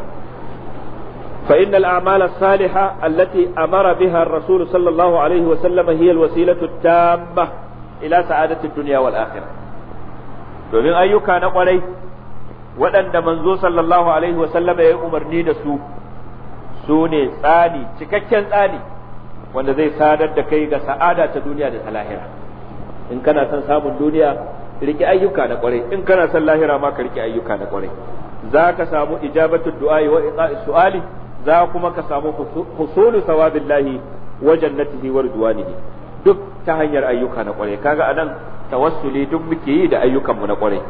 فإن الأعمال الصالحة التي أمر بها الرسول صلى الله عليه وسلم هي الوسيلة التامة إلى سعادة الدنيا والآخرة domin ayyuka na ƙwarai waɗanda manzo sallallahu alaihi wasallama ya yi umarni da su su ne tsani cikakken tsani wanda zai sadar da kai ga sa'ada ta duniya da ta lahira in kana son samun duniya riƙe ayyuka na ƙwarai in kana son lahira ma ka riki ayyuka na ƙwarai za ka samu ijabatu du'a'i wa su'ali za kuma ka samu husulu sawabillahi wa jannatihi wa ridwanihi duk ta hanyar ayyuka na kwarai kaga anan tawassuli duk muke yi da ayyukan mu na kware.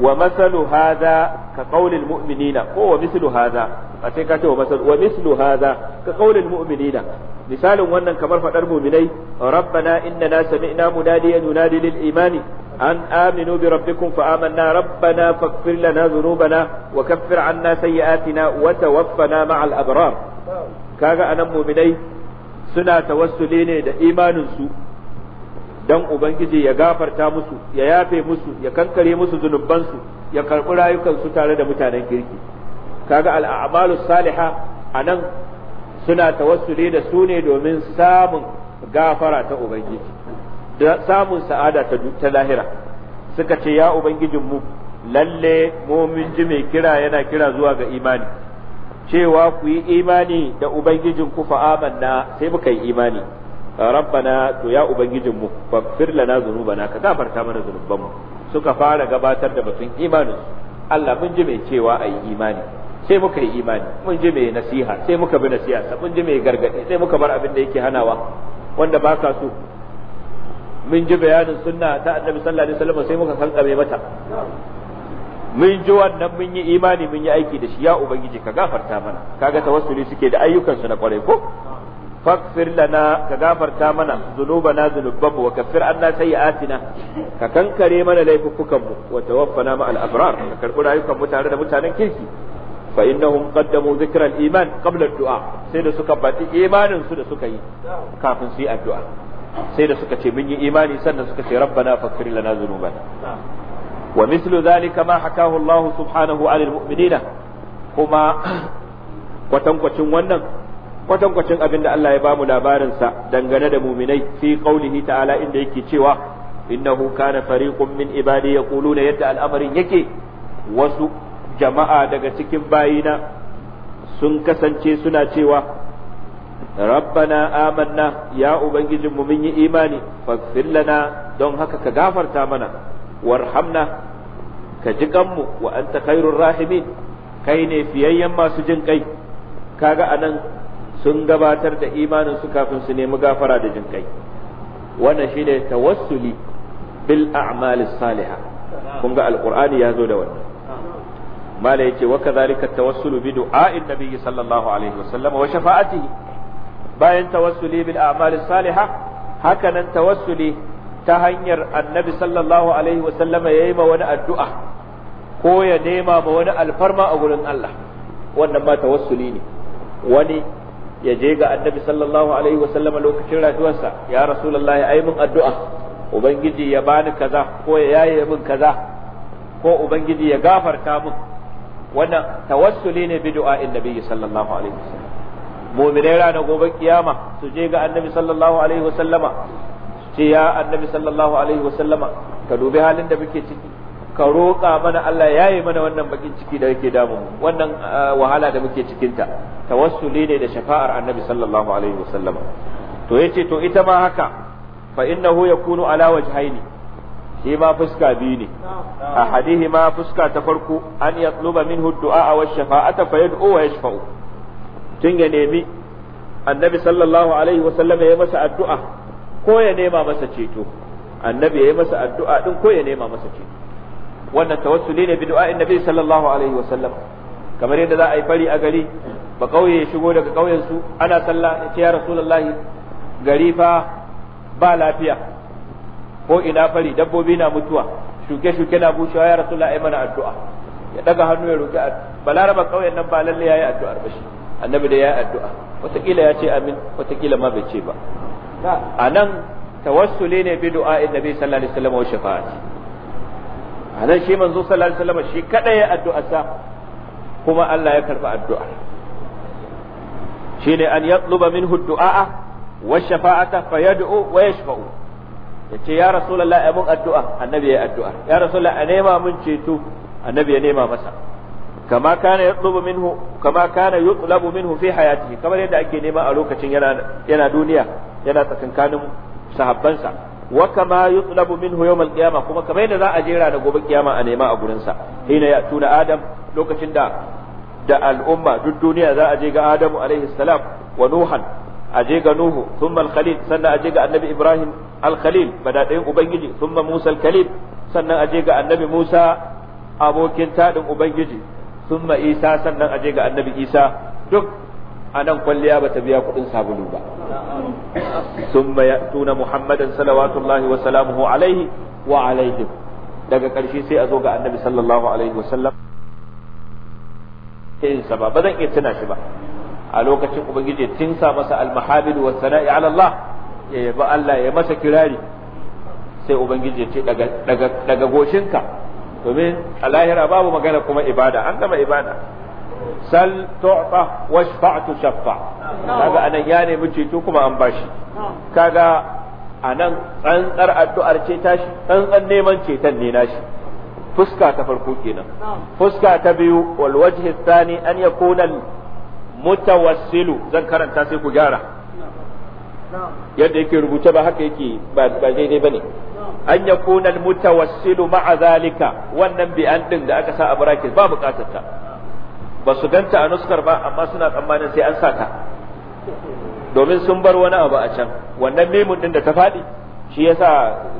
wa masalu hadha ka qaulil mu'minina ko wa mislu a sai ka ce wa masalu ka qaulil mu'minina misalin wannan kamar faɗar mu'minai rabbana innana sami'na munadiyan yunadi lil imani an aminu bi rabbikum ma'al kaga anan mu'minai suna ne da imanin su dan ubangiji ya gafarta musu ya yafe musu ya kankare musu zunubansu ya karbi rayukansu tare da mutanen kirki kaga al'amalu saliha anan suna tawassuli da su ne domin samun gafara ta ubangiji da samun sa'ada ta lahira suka ce ya ubangijin mu lalle mumin ji mai kira yana kira zuwa ga imani cewa ku yi imani da ubangijin kufa amanna sai muka yi imani rabbana to ya ubangijinmu mu faghfir lana dhunubana ka gafarta mana dhunubanmu suka fara gabatar da batun imanin Allah mun ji mai cewa ayi imani sai muka yi imani mun ji mai nasiha sai muka bi nasiha mun ji mai gargadi sai muka bar abin da yake hanawa wanda baka so mun ji bayanin sunna ta annabi sallallahu alaihi wasallam sai muka kankame mata mun ji wannan mun yi imani mun yi aiki da shi ya ubangiji ka gafarta mana kaga tawassuli suke da ayyukan su na kwarai ko Fakfirla lana ka gafarta mana dhunubana dhunubanmu wa kaffir anna sayyi'atina ka kankare mana laifukan mu wa tawaffana al abrar ka karbi rayukan mu tare da mutanen kirki fa innahum qaddamu dhikra al-iman qabla ad-du'a sai da suka bati imanin su da suka yi kafin su yi addu'a sai da suka ce mun yi imani sannan suka ce rabbana faghfir lana dhunubana wa mislu dhalika ma hakahu Allah subhanahu 'ala al-mu'minina kuma kwatankwacin wannan kwatankwacin abin da Allah ya ba mu labarinsa dangane da muminai fi qaulihi ta'ala inda yake cewa innahu kana fariqun min ibadi yaquluna yadda al'amarin yake wasu jama'a daga cikin bayina sun kasance suna cewa rabbana amanna ya mu mun yi imani faghfir lana don haka ka gafarta mana warhamna ka ji kanmu wa anta khairur rahimin kai ne fiyayyen masu jin kai kaga anan sun gabatar da imanin su kafin su nemi gafara da jin kai wannan shine tawassuli bil a'mal salihah kun ga alqur'ani ya zo da wannan mala yace wa kadhalika tawassulu bi du'a'in nabiyyi sallallahu alaihi wasallam wa shafa'ati. bayan tawassuli bil a'mal salihah haka nan tawassuli ta hanyar annabi sallallahu alaihi wasallama yayi ma wani addu'a ko ya nema ma wani alfarma a gurin Allah wannan ba tawassuli ne wani ya je ga annabi sallallahu alaihi wasallama lokacin rayuwarsa ya rasulullahi ai mun addu'a ubangiji ya bani kaza ko ya yaye min kaza ko ubangiji ya gafarta mun wannan tawassuli ne bi du'a'in nabiyyi sallallahu alaihi wasallam mu'minai rana gobe kiyama su je ga annabi sallallahu alaihi wasallama ce ya annabi sallallahu alaihi wasallama ka dubi halin da muke ciki ka roƙa mana Allah ya yi mana wannan bakin ciki da yake damu wannan ah, wahala da muke cikinta tawassuli ne da shafa'ar annabi sallallahu alaihi wasallama to yace to ita ma haka fa innahu yakunu ala wajhaini shi ma fuska biyu ne a hadihi ma fuska ta farko an yatluba minhu du'a wa shafa'ata fa yad'u wa yashfa'u tun ya nemi annabi sallallahu alaihi wasallama ya masa addu'a ko ya nema masa ceto annabi ya yi masa addu'a din ko ya nema masa ceto wannan tawassuli ne bi du'a'in nabi sallallahu alaihi wa sallam kamar yadda za a yi fari a gari ba kauye ya shigo daga kauyen su ana sallah ya ce ya rasulullahi gari fa ba lafiya ko ina fari dabbobi na mutuwa shuke shuke na bushewa ya rasulullahi mana addu'a ya daga hannu ya roki balaraba kauyen nan ba lalle yayi addu'ar ba shi annabi da yayi addu'a wataƙila ya ce amin wataƙila ma bai ce ba a nan tawassuli ne bi du'a'in nabi sallallahu alaihi wasallam wa shafa'ati anan shi manzo sallallahu alaihi wasallam shi kadai ya addu'arsa kuma Allah ya karba addu'a shine an yatluba minhu du'a wa shafa'ata fayad'u wa yashfa'u yace ya rasulullah ya mun addu'a annabi ya addu'a ya rasulullah a nema mun ceto annabi ya nema masa kama kana yatlubu minhu kama kana yutlabu minhu fi hayatihi kamar yadda ake nema a lokacin yana yana duniya yana tsakankanin sahabbansa wa kama yutlabu minhu yawm al kuma kamar yadda za a jera da gobe kiyama a nema a gurinsa. sa hina adam lokacin da al'umma duk duniya za je ga adamu wa nuhan a je ibrahim al-khalil badadayin ubangiji thumma musa isa a annabi isa a nan kwalliya bata biya kuɗin sabulu ba sun tuna muhammadan salawatullahi wa salamuhu alaihi wa alaihim daga ƙarshe sai a zo ga annabi sallallahu alaihi wa sallam sa ba ba zan iya tuna shi ba a lokacin ubangiji tun sa masa almahamid wa sana'i ala Allah ya yaba Allah ya masa kirari sai ubangiji ya ce daga daga daga goshinka domin a lahira babu magana kuma ibada an gama ibada sal tu'ta washfa' tushaffa kaga anan ya nemi ceto kuma an bashi kaga anan tsantsar addu'ar ce tashi tsantsan neman ceton ne nashi fuska ta farko kenan fuska ta biyu wal wajhi thani an yakuna mutawassilu zan karanta sai ku gyara yadda yake rubuce ba haka yake ba daidai bane an yakuna mutawassilu ma'a zalika wannan bi an din da aka sa a bracket ba bukatar ta ba su ganta a nuskar ba amma suna tsammanin sai an sata domin sun bar wani abu a can wannan memun din da ta faɗi shi yasa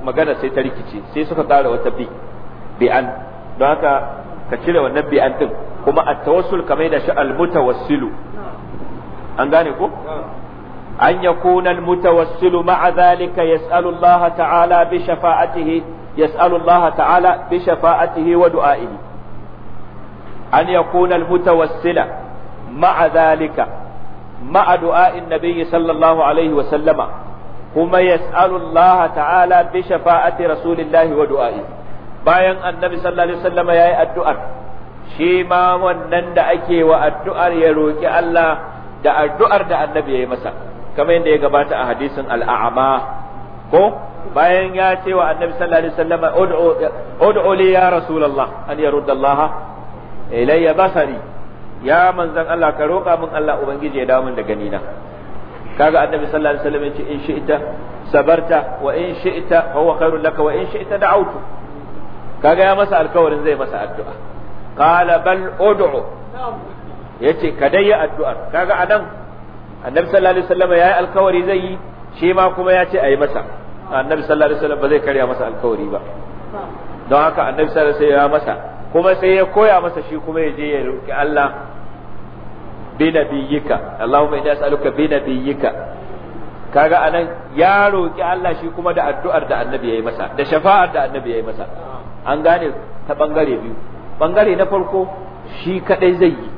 magana sai ta rikice sai suka ƙara wata bi bi'an don haka ka cire wannan bi'an din kuma a tawassul kamar da shi al mutawassilu an gane ko an yakuna al mutawassilu ma'a zalika yas'alu Allah ta'ala bi shafa'atihi yas'alu Allah ta'ala bi shafa'atihi wa du'a'ihi an yakuna almutawassila ma'a zalika ma'a du'a'in nabiyyi sallallahu alaihi wa sallama kuma yas'alu Allah ta'ala bi shafa'ati rasulillahi wa du'a'i bayan annabi sallallahu alaihi wasallam yayi addu'ar shi ma wannan da ake wa addu'ar ya roki Allah da addu'ar da annabi yayi masa kamar yadda ya gabata a hadisin al'a'ama ko bayan ya ce wa annabi sallallahu alaihi wasallam ud'u li ya rasulullah an yarudda Allah ilayya basari ya manzan Allah ka roƙa min Allah ubangiji ya dawo min da ganina kaga annabi sallallahu alaihi wasallam yace in shi'ta sabarta wa in shi'ta fa huwa khairul laka wa in shi'ta da'awtu kaga ya masa alƙawarin zai masa addu'a qala bal ud'u yace ka dai yi addu'ar kaga anan annabi sallallahu alaihi wasallam yayi alƙawari zai yi shi ma kuma ya ce ayi masa annabi sallallahu alaihi wasallam ba zai karya masa alƙawari ba don haka annabi sallallahu alaihi wasallam ya masa kuma sai ya koya masa shi kuma ya je ya roki Allah bi nabiyyika Allahumma inna as'aluka bi nabiyyika kaga anan ya roki Allah shi kuma da addu'ar da annabi yayi masa da shafa'ar da annabi yayi masa an gane ta bangare biyu bangare na farko shi kadai zai yi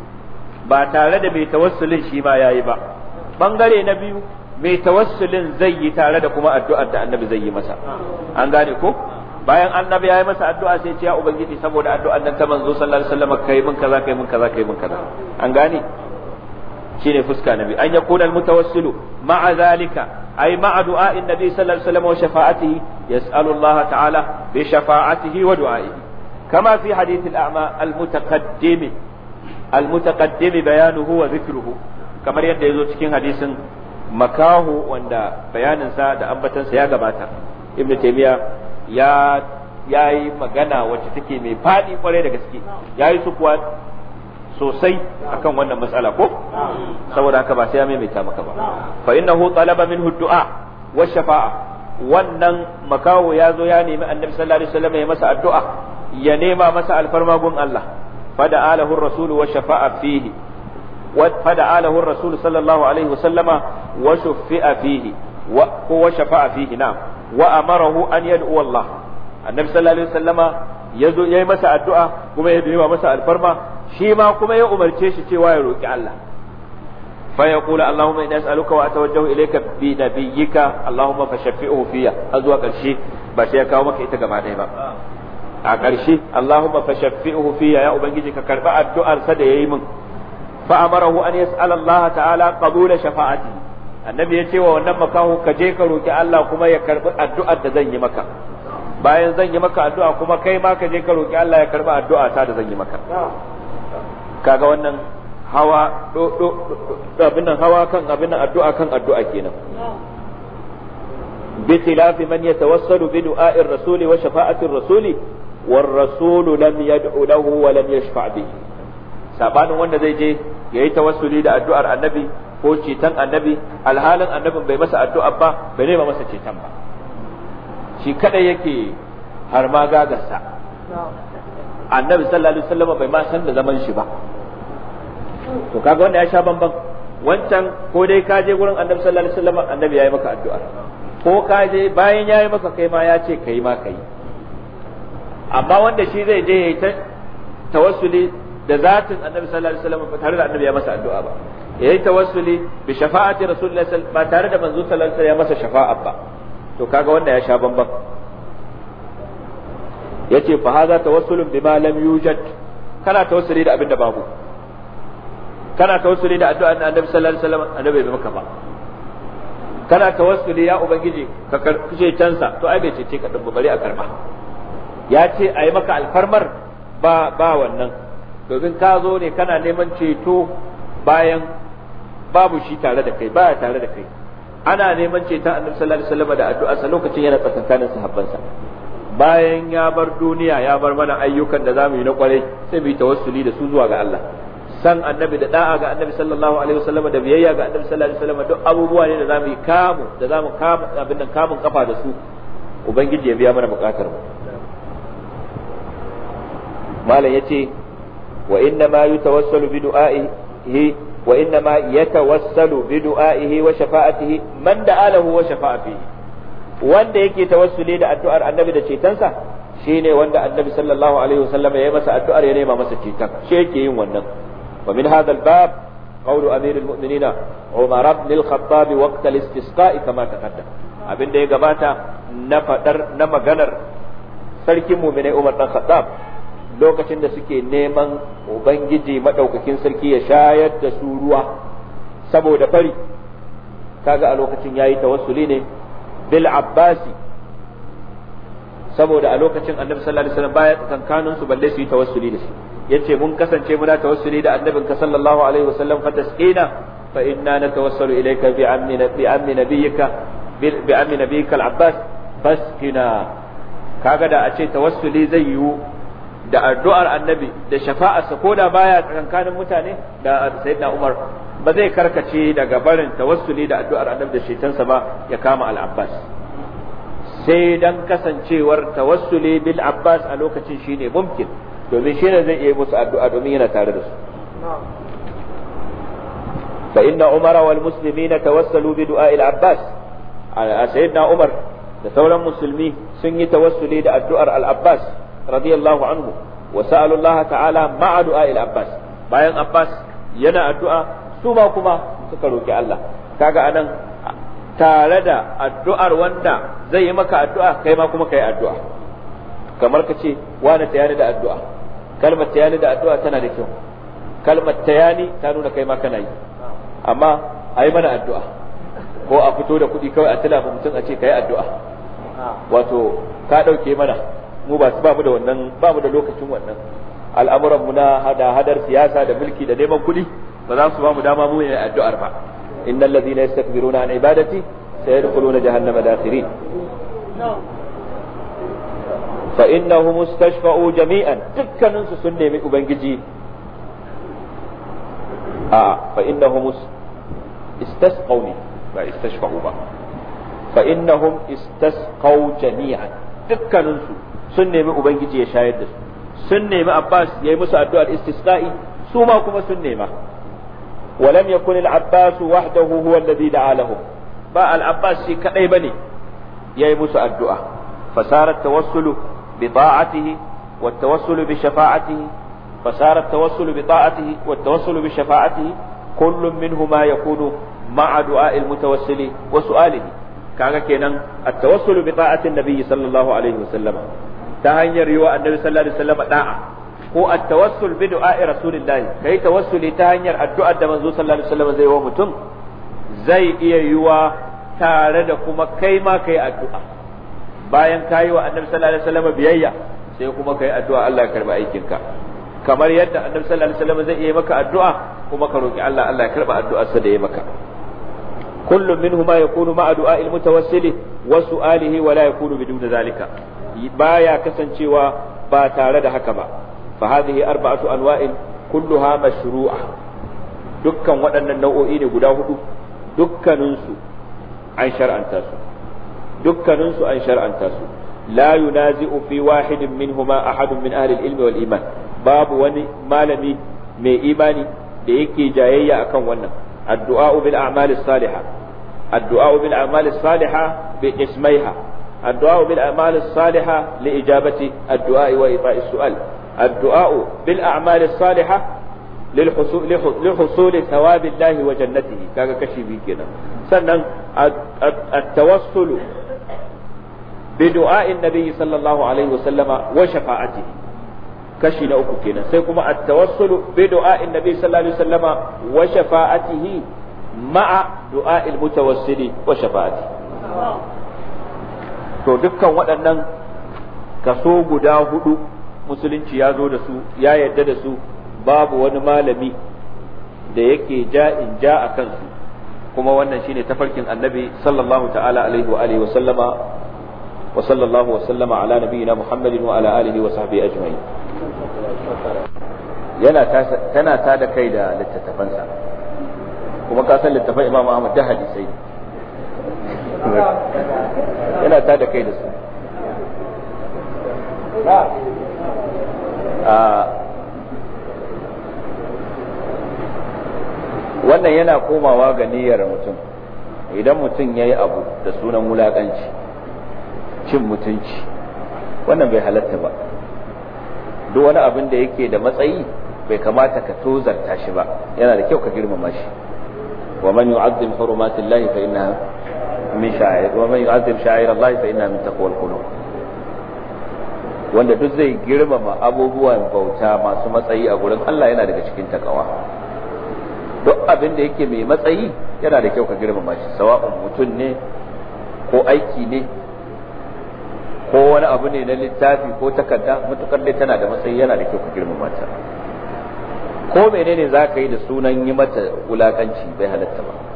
ba tare da mai tawassulin shi ma yayi ba bangare na biyu mai tawassulin zai yi tare da kuma addu'ar da annabi zai yi masa an gane ko bayan annabi ya yi masa addu'a sai ce ya ubangiji saboda addu'an nan ta manzo sallallahu alaihi wasallam kai mun kaza kai mun kaza kai mun kaza an gane shine fuska nabi an yakuna almutawassilu ma'a zalika ay ma'a du'a'i nabi sallallahu alaihi wasallam wa shafa'atihi yas'alu Allah ta'ala bi shafa'atihi wa du'a'ihi kama fi hadith al-a'ma al-mutaqaddim bayanuhu wa dhikruhu kamar yadda yazo cikin hadisin makahu wanda bayaninsa da ambatansa ya gabata ibnu taymiya ya ya yi magana wacce take mai faɗi kwarai da gaske ya yi sukuwa sosai akan wannan matsala ko saboda haka ba sai ya maimaita maka ba fa innahu talaba minhu du'a wa shafa'a wannan makawo ya zo ya nemi annabi sallallahu alaihi wasallam ya masa addu'a ya nema masa alfarma gun Allah fada alahu rasul wa shafa'a fihi fada alahu rasul sallallahu alaihi wasallama wa shuffi'a fihi wa ko wa shafa'a fihi na'am wa amarahu an yad'u Allah annabi sallallahu alaihi wasallama yazo yayi masa addu'a kuma ya duba masa alfarma shi ma kuma ya umarce shi cewa ya roki Allah fa yaqulu allahumma inni as'aluka wa atawajjahu ilayka bi nabiyyika allahumma fashaffi'hu fiyya har zuwa karshe ba sai ya kawo maka ita gaba ba a ƙarshe allahumma fashaffi'hu fiyya ya ubangiji ka karba addu'arsa da ya yi min fa amarahu an ta'ala qabula shafa'ati annabi ya ce wa wannan makaho ka je ka roki Allah kuma ya karbi addu'ar da zan yi maka bayan zan yi maka addu'a kuma kai ma ka je ka roki Allah ya karbi addu'a ta da zan yi maka kaga wannan hawa abin nan hawa kan abin nan addu'a kan addu'a kenan بخلاف rasuli? Wa بدعاء rasuli وشفاعة rasulu lam yad'u lahu wa lam yashfa' bihi sabanin wanda zai je ya yi tawassuli da addu'ar annabi ko ceton annabi alhalin annabin bai masa addu'a ba bai nema masa ceton ba shi kadai yake har ma gagarsa annabi sallallahu alaihi wasallam bai ma san da zaman shi ba to kaga wanda ya sha bamban wancan ko dai ka je gurin annabi sallallahu alaihi wasallam annabi yayi maka addu'a ko ka je bayan yayi maka kai ma ya ce kai ma kai amma wanda shi zai je ya yi tawassuli da zatin annabi sallallahu alaihi wasallam ba tare da annabi ya masa addu'a ba yayi tawassuli bi shafa'ati rasulullahi sallallahu ba tare da manzo sallallahu alaihi wasallam ya masa shafa'a ba to kaga wanda ya sha bamban yace fa hadha tawassulun bima lam yujad kana tawassuli da abin da babu kana tawassuli da addu'a annabi sallallahu alaihi wasallam annabi bai maka ba kana tawassuli ya ubangiji ka karkace cansa to ai bai ce ka dubu bari a karba ya ce ai maka alfarmar ba ba wannan domin ka zo ne kana neman ceto bayan babu shi tare da kai baya tare da kai ana neman ceto annabi sallallahu alaihi wasallam da addu'arsa lokacin yana tsakankanin sahabbansa bayan ya bar duniya ya bar mana ayyukan da zamu yi na kwarai sai mu yi tawassuli da su zuwa ga Allah san annabi da da'a ga annabi sallallahu alaihi wasallam da biyayya ga annabi sallallahu alaihi wasallam duk abubuwa ne da zamu yi kamu da zamu kamu abin nan kamun kafa da su ubangiji ya biya mana bukatar mu malam yace wa inna ma yatawassalu bi du'aihi wa inna ma yatawassalu bi du'aihi wa shafa'atihi man da'a lahu wa shafa'atihi wanda yake tawassuli da addu'ar annabi da cetonsa shine wanda annabi sallallahu alaihi wasallam ya yi masa addu'ar ya nema masa ceton shi yake yin wannan wa min hadha al-bab qawlu amir al-mu'minin Umar ibn al-Khattab waqt al-istisqa kama taqaddam abinda ya gabata na fadar na maganar sarkin mu'minai Umar dan Khattab lokacin da suke neman ubangiji madaukakin sarki ya shayar da su ruwa saboda fari kaga a lokacin ya yayi tawassuli ne bil abbasi saboda a lokacin annabi sallallahu alaihi wasallam baya tsakankanin su balle su yi tawassuli da shi yace mun kasance muna tawassuli da annabin ka sallallahu alaihi wasallam fa tasqina fa inna natawassalu ilayka bi ammi bi ammi nabiyyika bi ammi nabiyyika al-abbas fasqina kaga da a ce tawassuli zai yiwu da addu'ar annabi da shafa'arsa ko da baya tsakankanin mutane da sayyidina Umar ba zai karkace daga barin tawassuli da addu'ar annabi da shaitansa ba ya kama al-Abbas sai dan kasancewar tawassuli bil Abbas a lokacin shine mumkin domin shine zai iya musu addu'a domin yana tare da su fa inna Umar wal muslimina tawassalu bi du'a al-Abbas sayyidina Umar da sauran musulmi sun yi tawassuli da addu'ar al-Abbas radiyallahu anhu wasu sa'alu Allah ta'ala ma'a ila Abbas bayan Abbas yana addu'a su ma kuma suka roki Allah ga anan tare da addu'ar wanda zai yi maka addu'a kai ma kuma kai addu'a kamar ka ce wani tayani da addu'a kalmar tayani da addu'a tana da kyau ta nuna kai ma kana yi amma a mana addu'a ko a fito da kuɗi kawai a tila mutum a ce ka yi addu'a wato ka ɗauke mana mu ba su ba mu da wannan ba mu da lokacin wannan al'amuran mu na hada hadar siyasa da mulki da neman kuɗi ba za su ba mu dama mu ne addu'ar ba innal ladina yastakbiruna an ibadati sayadkhuluna jahannama dakhirin fa innahu mustashfa'u jami'an dukkanin su sun nemi ubangiji a fa innahum istasqaw ne ba istashfa'u ba fa innahum istasqaw jami'an dukkanin su sun nemi ubangiji ya shayar da su sun nemi abbas ya yi musu addu'ar istisqa'i su ma kuma sun nema ya kuni ولم يكن العباس da هو الذي دعا لهم shi العباس ba ne ya yayi musu addu'a fasara tawassulu bi ta'atihi wa tawassulu bi shafa'atihi fasara tawassulu bi ta'atihi wa tawassulu bi shafa'atihi kullu minhuma yakunu ma'a du'a'i al-mutawassili wa su'alihi kaga kenan at-tawassulu bi ta'ati an-nabi sallallahu alaihi wasallama ta hanyar yi wa annabi sallallahu alaihi wasallam da'a ko at-tawassul bi du'a'i rasulillah kai tawassuli ta hanyar addu'a da manzo sallallahu alaihi wasallam zai wa mutum zai iya yiwa tare da kuma kai ma kai addu'a bayan kayi wa annabi sallallahu alaihi wasallam biyayya sai kuma kai addu'a Allah ya karba aikinka kamar yadda annabi sallallahu alaihi wasallam zai iya maka addu'a kuma ka roki Allah Allah ya karba addu'arsa da ya maka kullum minhuma yakunu ma'a du'a al-mutawassili wa su'alihi wa la yakunu bidun zalika baya kasancewa ba tare da haka ba fa hadhihi arba'atu anwa'in kulluha mashru'a dukkan waɗannan nau'o'i ne guda hudu dukkaninsu an shar'anta su dukkaninsu an shar'anta su la yunazi'u fi wahidin minhuma ahadun min ahli al-ilmi wal iman babu wani malami mai imani da yake jayayya akan wannan addu'a bil a'malis salihah addu'a bil a'malis salihah bi ismaiha addu'a bil a'mal as-salihah li ijabati addu'a wa ita'i su'al addu'a bil a'mal as-salihah لحصول ثواب الله وجنته كاغا كشي بي كده سنن التوسل بدعاء النبي صلى الله عليه وسلم وشفاعته كشي نأكو كده سيكما التوسل بدعاء النبي صلى الله عليه وسلم وشفاعته مع دعاء المتوسل وشفاعته to dukkan waɗannan kaso guda hudu musulunci ya zo da su ya yadda da su babu wani malami da yake ja in ja a kansu kuma wannan shine tafarkin annabi sallallahu ta'ala alaihi wa alihi wa sallama wa sallallahu wa sallama ala nabiyyina muhammadin wa ala alihi wa sahbihi ajma'in yana tana ta da kai da littattafansa kuma ka san littafan imam ahmad da hadisai yana ta da kai da su ah. wannan yana komawa ga niyyar mutum idan mutum ya yi abu da sunan wulaƙanci cin mutunci wannan bai halatta ba duk wani abin da yake da matsayi bai kamata ka tozarta shi ba yana da kyau ka girmama shi wa man yu'azzim hurumatillahi fa innaha من شاعر ومن يعظم شاعر الله Allah من تقوى القلوب wanda duk zai girmama abubuwan bauta masu matsayi a gurin Allah yana daga cikin takawa duk abin da yake mai matsayi yana da kyau ka girmama shi sawa'un mutum ne ko aiki ne ko wani abu ne na littafi ko takarda matukar dai tana da matsayi yana da kyau ka girmama ta ko menene za ka yi da sunan yi mata wulakanci bai halatta ba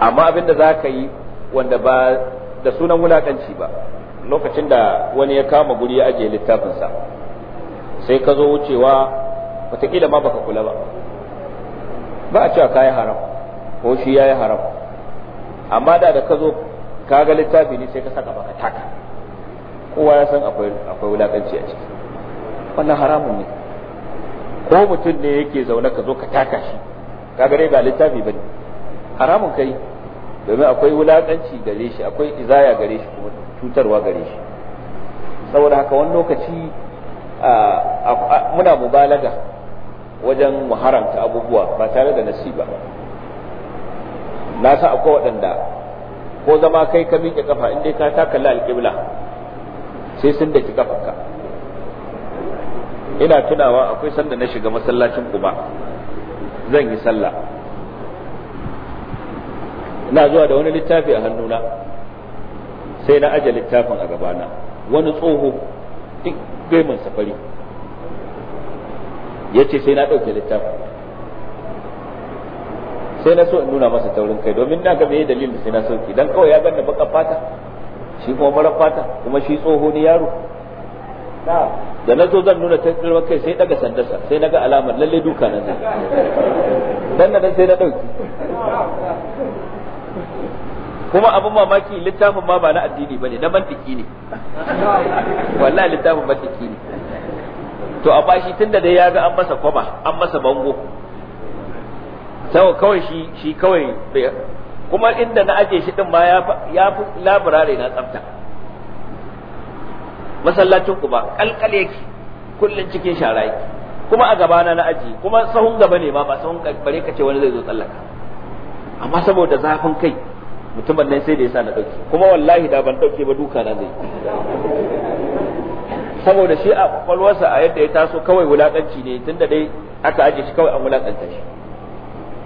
amma abinda za ka yi wanda ba da sunan wulaƙanci ba lokacin da wani ya kama guri ya ajiye littafinsa sai ka zo wucewa wataƙila ma baka kula ba ba a cewa ka yi haram ko shi ya yi haram amma da da ka zo ka ga littafi ne sai ka saka baka taka kowa ya san akwai wulaƙanci a ciki wannan haramun ne ko mutum ne yake zaune ka zo ka taka shi ka gare ba littafi ba ne. haramun kai domin akwai wulakanci gare shi akwai izaya gare shi kuma cutarwa gare shi saboda haka wani lokaci muna mubalaga wajen haramta abubuwa ba tare da nasiba na sa akwai waɗanda ko zama kai ka miƙe kafa inda ka taka la alƙibla sai sun daki kafanka ina tunawa akwai sanda na shiga masallacin kuba zan yi sallah ina zuwa da wani littafi a hannuna sai na aje littafin a gabana wani tsoho duk gaiman safari ya ce sai na ɗauke littafin sai na so in nuna masa taurin kai domin na ga me dalilin sai na sauki dan kawai ya ganna baka fata shi kuma mara fata kuma shi tsoho ne yaro da na zo zan nuna tattalin kai sai daga sandarsa sai na ga alamar lalle duka na zai dan nan sai na ɗauki kuma abin mamaki littafin ma ba na addini bane na mantiki ne wallahi littafin mantiki ne to a bashi tunda dai ya ga an masa kwaba an masa bango sai kawai shi shi kawai kuma inda na aje shi din ma ya fi labirare na tsafta masallacin ku ba kalkal yake kullun cikin shara yake kuma a gabana na aji kuma sahun gaba ne ma ba sahun bare ka wani zai zo tsallaka amma saboda zafin kai mutumin nan sai da yasa na dauke kuma wallahi da ban dauke ba duka na zai saboda shi a kwakwalwarsa a yadda ya taso kawai wulakanci ne tunda dai aka aje shi kawai an wulakanta shi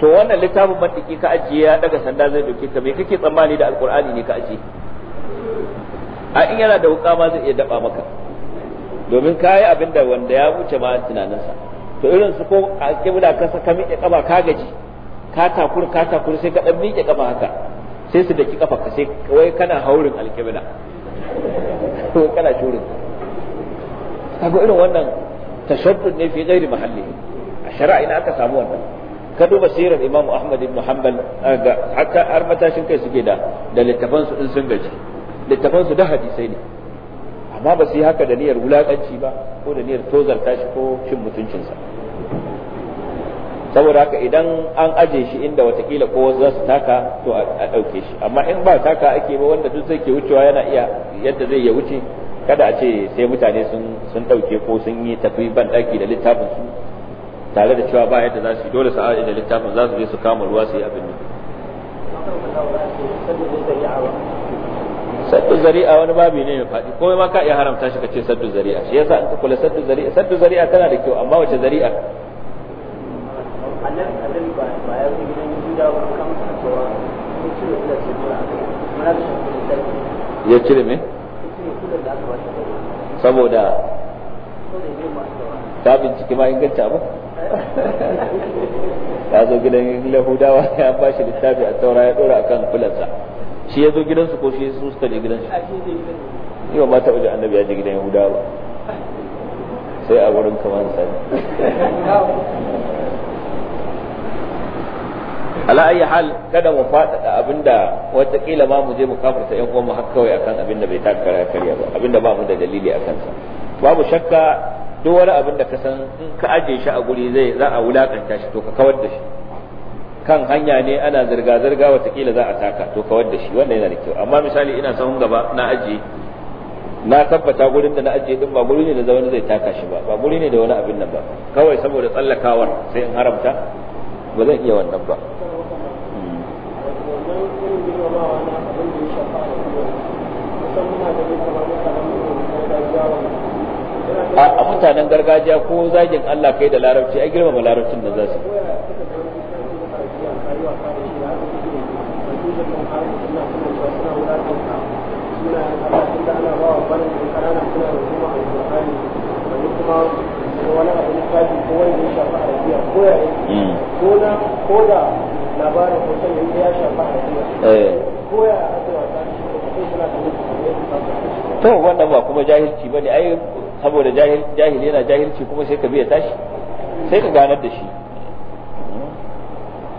to wannan littafin mantiki ka ajiye ya daga sanda zai dauke ka me kake tsammani da alkur'ani ne ka ajiye a in yana da wuka ma zai iya daba maka domin ka yi abin da wanda ya wuce ma tunaninsa to irin su ko a kibla ka saka miƙe kaba ka gaji ka takur ka takur sai ka dan miƙe kaba haka sai su daki kafa sai wai kana haurin alkibla ko kana shurin kaga irin wannan tashaddud ne fi ghairi mahalli a shari'a ina aka samu wannan ka duba sirar imam ahmad ibn hanbal ga haka har matashin kai suke da da littafan su din sun gaji littafan su da hadisai ne amma ba su yi haka da niyyar wulakanci ba ko da niyyar tozarta shi ko cin mutuncinsa saboda haka idan an aje shi inda watakila ko za su taka to a ɗauke shi amma in ba taka ake ba wanda duk zai ke wucewa yana iya yadda zai ya wuce kada a ce sai mutane sun sun ɗauke ko sun yi tafi ban ɗaki da littafin su tare da cewa ba yadda za su yi dole su aje da littafin za su je su kama ruwa su yi abin da saddu zari'a wani babi ne mai faɗi komai ma ka iya haramta shi ka ce saddu zari'a shi yasa in ka kula saddu zari'a saddu zari'a tana da kyau amma wace zari'a annabi annabi ba ba ya zo gidan Yahuda ba kan kasuwa ya cire kula ce mura mura da shi ya cire me saboda ta bincike ma inganta abu ya zo gidan lahudawa ya ba shi littafi a taura ya dora akan kulansa shi ya zo gidansu ko shi su suka je gidansu yau ma ta wajen annabi ya je gidan yahudawa sai a wurin kamar sani ala ayi hal kada mu fadada abinda watakila ma mu je mu kafarta yan uwan mu har kawai akan abinda bai taka ya karya ba abinda ba mu da dalili akan sa babu shakka duk wani abin da ka san in ka aje shi a guri zai za a wulakanta shi to ka kawar da shi kan hanya ne ana zirga zirga watakila za a taka to kawar da shi wannan yana da kyau amma misali ina sahun gaba na aje na tabbata gurin da na ajiye din ba guri ne da zaune zai taka shi ba ba guri ne da wani abin nan ba kawai saboda tsallakawar sai in haramta ba zan iya wannan ba a mutanen gargajiya wani ko zagin Allah kai da larabci a girmama larabcin da za su wani abu na ko ya arabiya ko ya mm. ko da labarin hoton eh. da ya shafa ko ya to wannan ba kuma jahilci ba ne ai saboda jahil yana jahilci kuma sai ka biya tashi sai ka ganar da shi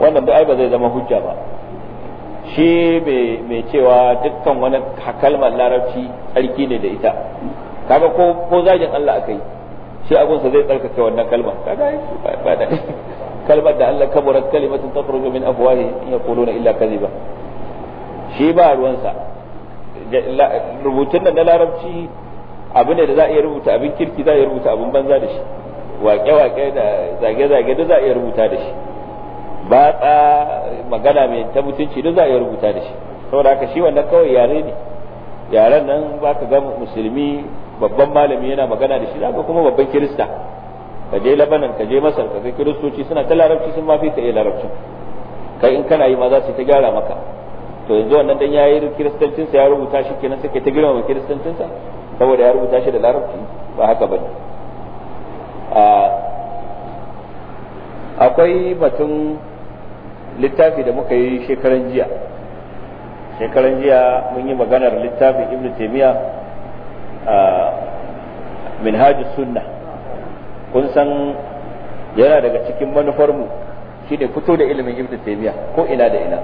wannan da ai ba zai zama hujja ba shi mai cewa dukkan wani kalmar larabci tsarki ne da ita kaga ko ko zagin Allah yi shi abunsa zai tsarkake wannan kalmar kaga ba da kalmar da Allah kaburat ta furgo min afwahi na illa kaziba shi ba ruwansa rubutun nan na larabci abin da za a iya rubuta abin kirki za a iya rubuta abin banza da shi waƙe-waƙe da zage-zage da za a iya rubuta da shi ba ta magana mai ta mutunci da za a iya rubuta da shi saboda haka shi wannan kawai yare ne yaren nan ba ka ga musulmi babban malami yana magana da shi za ka kuma babban kirista ka je labanan ka je masar ka kai kiristoci suna ta larabci sun ma fi iya larabci kai in kana yi ma za su ta gyara maka to yanzu wannan dan yayi kiristancin sa ya rubuta shi kenan suke ta girma kiristancin sa saboda ya rubuta shi da larabci ba haka bane akwai batun littafi da muka yi shekaran jiya shekaran jiya mun yi maganar littafin ibn taymiya minhajus sunnah kun san yana daga cikin manufarmu shine fito da ilimin ibnu taymiya ko ina da ina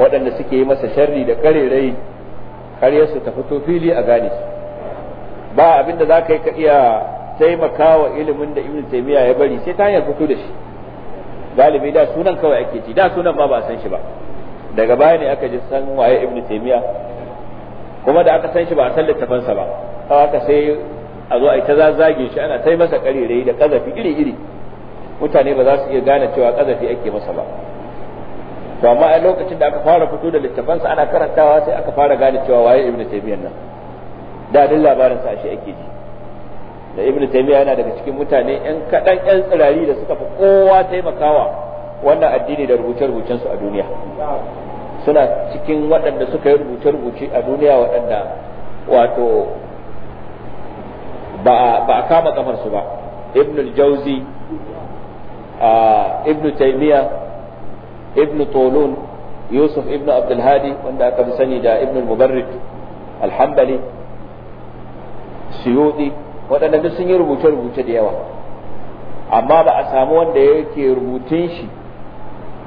waɗanda suke yi masa sharri da karerai karyarsu ta fito fili a gane ba abinda za zaka yi ka iya taimakawa ilimin da ibnu taymiya ya bari sai ta hanyar fito da shi galibi da sunan kawai ake ci da sunan ba ba a san shi ba daga baya ne aka ji san waye ibnu taymiya kuma da aka san shi ba a san littafansa ba haka sai a zo a yi ta zazzage shi ana ta yi masa karerai da kazafi iri-iri mutane ba za su iya gane cewa kazafi ake masa ba to amma a lokacin da aka fara fito da littafansa ana karantawa sai aka fara gane cewa waye ibnu taymiyyah nan da duk labarin sa shi ake ji da ibnu taymiyyah yana daga cikin mutane yan kaɗan yan tsirari da suka fi kowa taimakawa wannan addini da rubuce-rubucen su a duniya suna cikin waɗanda suka yi rubuce-rubuce a duniya waɗanda wato ba a kama kafarsu ba ibn al-jauzi ibn taymiya ibn tolun yusuf ibn abdulhadi wanda aka fi sani da ibn al-mubarrid al-hambali suyudi waɗanda duk sun yi rubuce-rubuce da yawa amma ba a samu wanda yake rubutun shi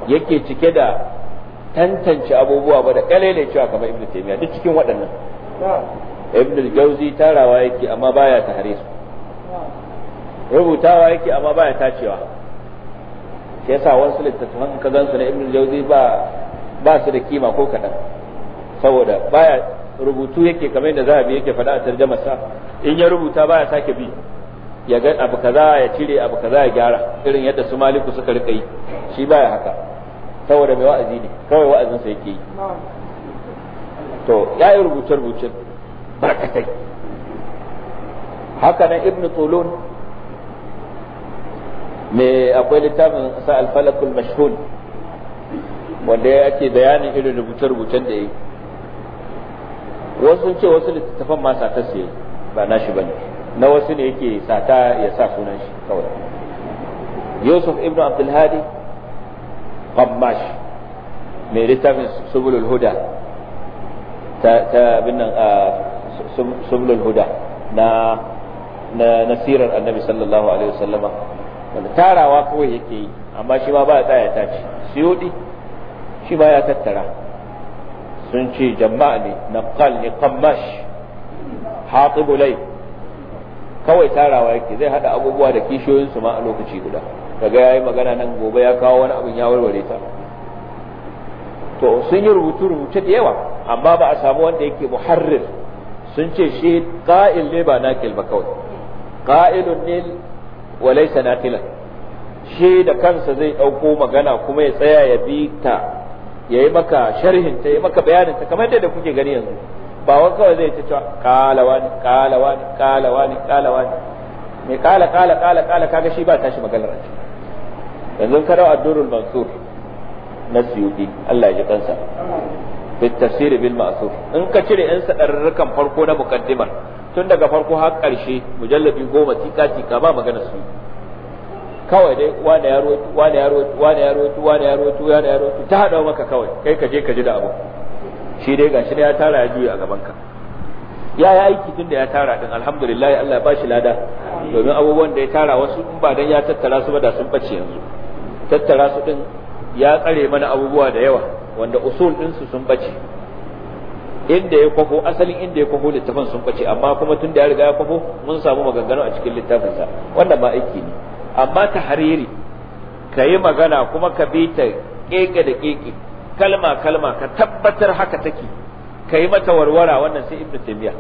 yake cike da tantance abubuwa ba da kalele cewa kamar ibn taymiya duk cikin waɗannan ibn al-jawzi tarawa yake amma baya tahrir rubutawa yake amma baya tacewa shi yasa wasu littattafan ka gansu na ibn al-jawzi ba ba su da kima ko kadan saboda baya rubutu yake kamar yadda zahabi yake faɗa a tarjamar sa in ya rubuta baya sake bi ya ga abu kaza ya cire abu kaza ya gyara irin yadda su maliku suka rika yi shi baya haka saboda mai wa'azi ne kawai wa'azin sa yake yi to ya yi rubuce rubuce barkatai haka nan ibn tulun me akwai littafin sa al-falakul mashhul wanda ya ce bayanin irin rubuce-rubucen da ya yi wasu ce wasu littattafan ma sata su ba na shi bane na wasu ne yake sata ya sa sunan shi kawai yusuf ibn abdulhadi qammash mai littafin subulul huda ta abin nan a ah, sublul huda na na nasirar annabi sallallahu alaihi wasallama wanda tarawa kawai yake yi amma shi ma ba ya tsaya ta ce siyudi shi ba ya tattara sun ce jama'a ne naqal ne qammash hatibu lay kawai tarawa yake zai haɗa abubuwa da kishiyoyin su ma a lokaci guda daga yayi magana nan gobe ya kawo wani abin ya warware ta to sun yi rubutu rubutu da yawa amma ba a samu wanda yake muharrir sun ce shi ƙa'il ne ba naƙil ba kawai ƙa'ilun ne wa laisa naƙilan shi da kansa zai ɗauko magana kuma ya tsaya ya bi ta ya yi maka sharhin ta ya yi maka bayanin ta kamar yadda kuke gani yanzu ba wani kawai zai ce kala wani kala wani kala wani kala wani mai kala kala kala kala kaga shi ba tashi maganar a yanzu karau addurul mansur na siyudi Allah ya ji kansa bit bil ma'thur in ka cire yan sadarrukan farko na mukaddimar tun daga farko har karshe mujallabi goma tika tika ba magana su kawai dai wani ya rotu wani ya rotu wani ya rotu wani ya rotu wani ya rotu ta hada maka kawai kai ka je ka ji da abu shi dai gashi ne ya tara ya juya a gaban ka ya yi aiki tun da ya tara din alhamdulillah Allah ya bashi lada domin abubuwan da ya tara wasu in ba dan ya tattara su ba da sun bace yanzu tattara su din ya tsare mana abubuwa da yawa wanda usul ɗinsu sun bace inda ya kwafo asalin inda ya kwafo littafin sun bace amma kuma tun da ya riga ya kwafo mun samu maganganu a cikin littafinsa wannan ma aiki ne amma ta hariri ka yi magana kuma ka bi ta keke da keke kalma kalma ka tabbatar haka take ka yi mata warwara wannan sai ibnu taymiya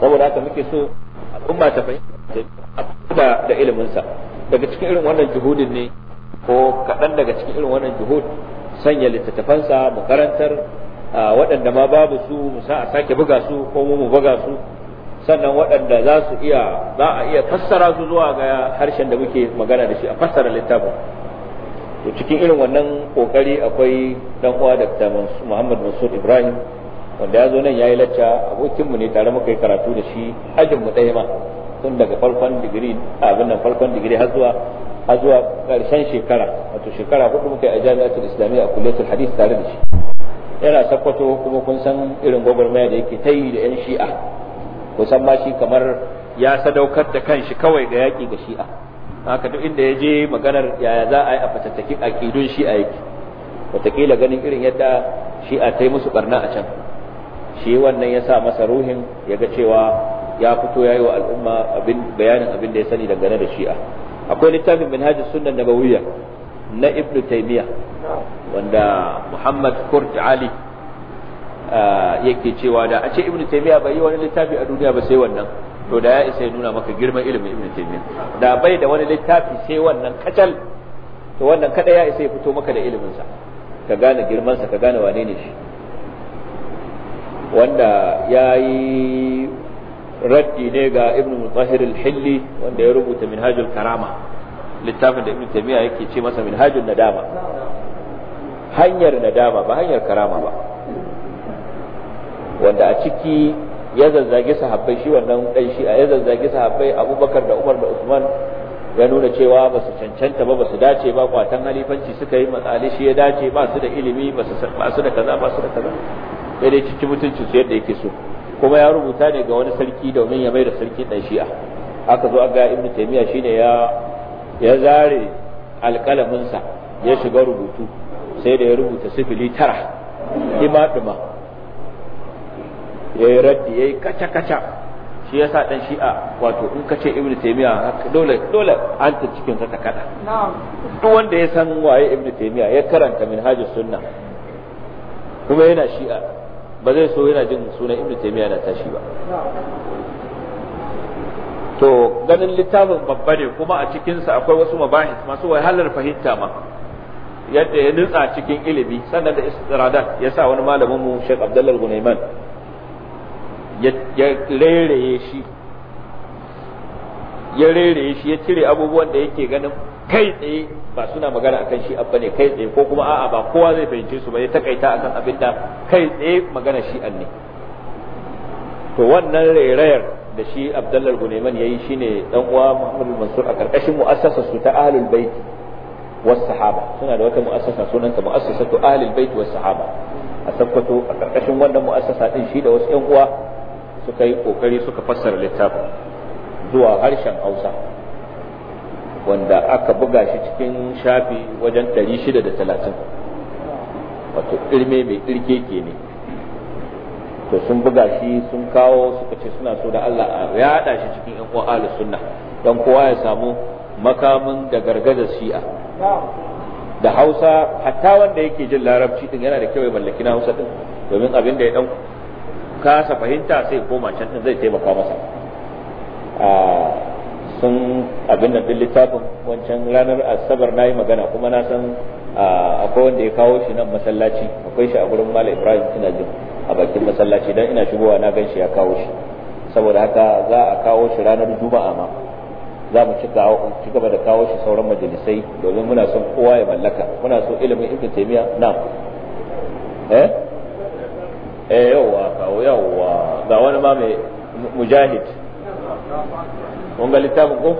saboda haka muke so al'umma ta fahimta da iliminsa daga cikin irin wannan juhudin ne ko kaɗan daga cikin irin wannan juhud sanya littattafansa mu karantar waɗanda ma babu su mu sa a sake buga su ko mu mu buga su sannan waɗanda za su iya za a iya fassara su zuwa ga harshen da muke magana da shi a fassara littafin to cikin irin wannan kokari akwai dan uwa Dr. Muhammad Mansur Ibrahim wanda ya zo nan yayi lacca abokin mu ne tare muka yi karatu da shi ajin mu ɗaya ma tun daga farkon digiri abin nan farkon digiri har zuwa a zuwa karshen shekara wato shekara hudu muka yi a jami'atul islamiyya a kulliyatul hadith tare da shi yana sakkwato kuma kun san irin gwagwarmaya da yake ta yi da yan shi'a kusan ma shi kamar ya sadaukar da kanshi kawai ga yaƙi ga shi'a haka duk inda ya je maganar yaya za a yi a fatattakin aƙidun shi'a yake wataƙila ganin irin yadda shi'a ta yi musu barna a can shi wannan ya sa masa ruhin ya ga cewa ya fito ya yi wa al'umma bayanin abin da ya sani dangane da shi'a akwai littafin minhajus sunnah nabawiyya na ibnu taymiya wanda muhammad kurt ali eh, yake cewa da a ce ibnu taymiya bai yi wani littafi a duniya ba sai wannan to da ya isa ya nuna maka girman ilimin ibnu taymiya da bai da wani littafi sai wannan kacal to wannan kada ya isa ya fito maka da ilimin sa ka gane girman sa ka gane wane ne shi wanda ya yi raddi ne ga ibn mutahhir al-hilli wanda ya rubuta minhajul karama littafin da ibn taymiya yake ce masa minhajul nadama hanyar nadama ba hanyar karama ba wanda a ciki ya zazzage sahabbai shi wannan dan shi ya zazzage sahabbai abubakar da umar da usman ya nuna cewa ba su cancanta ba ba su dace ba kwatan halifanci suka yi matsali shi ya dace ba su da ilimi ba su da kaza ba su da kaza sai dai cikin mutuncin su yadda yake so kuma ya rubuta ne ga wani sarki domin ya mai da sarki dan shi'a aka zo aga ibnu taimiya shine ya ya zare alƙalaminsa ya shiga rubutu sai da ya rubuta sifili tara ima ɗuma. ya yi raddi ya yi kaca kaca shi yasa dan shi'a wato in kace ibnu taimiya dole dole an ta cikin ta kada duk wanda ya san waye ibnu taimiya ya karanta minhajus sunna kuma yana shi'a ba zai so yana jin sunan ibnu taymiya na tashi ba to ganin littafin babba ne kuma a cikinsa akwai wasu mabahis masu wahalar fahimta ma yadda ya nutsa cikin ilimi sannan da istiradat ya sa wani malamin mu Sheikh Abdullah Gunaiman ya rereye shi ya rereye shi ya cire abubuwan da yake ganin kai tsaye ba suna magana akan shi abba ne kai tsaye ko kuma a'a ba kowa zai fahimce su ba ya takaita akan abin da kai tsaye magana shi ne to wannan rairayar da shi abdallar guneman shi shine dan uwa muhammad mansur a karkashin mu'assasa su ta ahlul bait was sahaba suna da wata mu'assasa sunanta mu'assasatu ahlul bait was sahaba a sakkwato a karkashin wannan mu'assasa din shi da wasu yan uwa suka yi kokari suka fassara littafin zuwa harshen Hausa wanda aka buga shi cikin shafi wajen 630 wato irme mai ke ne to sun buga shi sun kawo suka ce suna so da Allah a yada shi cikin yan uwa sunna don kowa ya samu makamin da gargada shi'a da Hausa hatta wanda yake jin larabci din yana da kyau ya mallaki na Hausa din domin abin da ya dan kasa fahimta sai koma can din zai taimaka masa ah, sun abin da din littafin wancan ranar asabar na yi magana kuma na san akwai wanda ya kawo shi nan masallaci akwai shi a gurin mala ibrahim ina jin a bakin masallaci dan ina shigowa na gan shi ya kawo shi saboda haka za a kawo shi ranar juma'a ma za mu ci gaba da kawo shi sauran majalisai domin muna son kowa ya mallaka muna so ilimin ibn taymiya na eh eh yawa kawo yawa ga wani ma mai mujahid kun ga littafin ko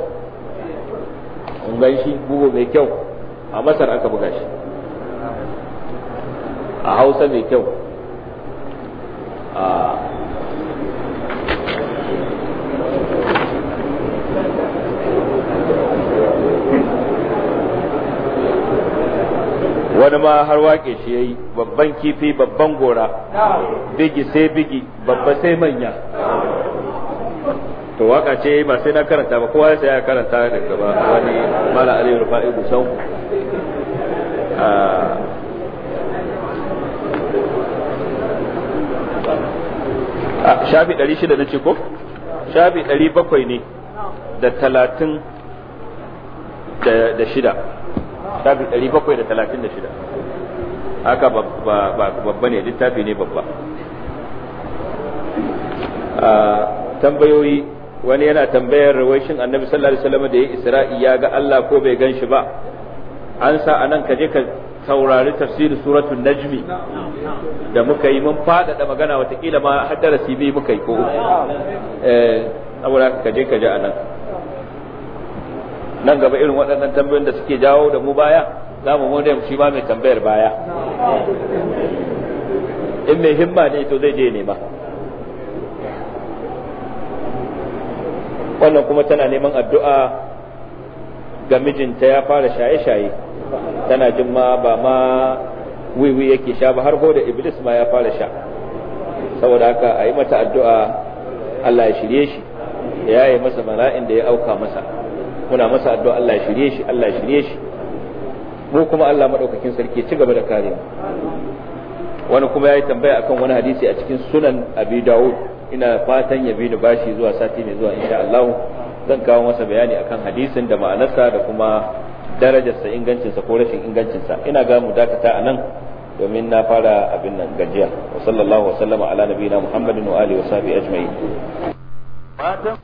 kun gan shi bugu mai kyau a masar aka buga shi a hausa mai kyau wani ma har wake shi ya yi babban kifi babban gora bigi sai bigi babba sai manya to waka ce ba sai na karanta ba kowa ya sai ya karanta da gaba wani mala ali rufa'i gusau a ah. ah, shafi 600 na ce ko shafi 700 ne da 30 da shida shafi 700 da da shida haka babba ne littafi ne babba ah, tambayoyi wani yana tambayar shin annabi sallallahu alaihi wasallam da ya isra'i ya ga Allah ko bai gan shi ba an sa anan ka je ka saurari tafsirin suratul najmi da muka yi mun faɗaɗa magana watakila ma har darasi bi muka yi ko eh ka je ka ji anan nan gaba irin waɗannan tambayoyin da suke jawo da mu baya za mu mu shi ma mai tambayar baya in mai himma ne to zai je ne ba. wannan kuma tana neman addu'a ga mijinta ya fara shaye-shaye tana jin ma ba ma wiwi yake sha ba har da iblis ma ya fara sha saboda haka a yi mata addu'a Allah ya shirye shi ya yi masa mala'in da ya auka masa muna masa addu'a Allah ya shirye shi Allah ya shirye shi mu kuma Allah madaukakin sarki ci gaba da kare mu wani kuma ya yi tambaya akan wani hadisi a cikin sunan abi dawud ina fatan ya bi ni bashi zuwa sati mai zuwa insha Allah zan kawo masa bayani akan hadisin da ma'anarsa da kuma darajarsa ingancinsa ko rashin ingancinsa ina ga mu dakata a nan domin na fara abin nan gajiya wa sallallahu wa sallama ala nabiyina muhammadin wa alihi wa sahbihi ajma'in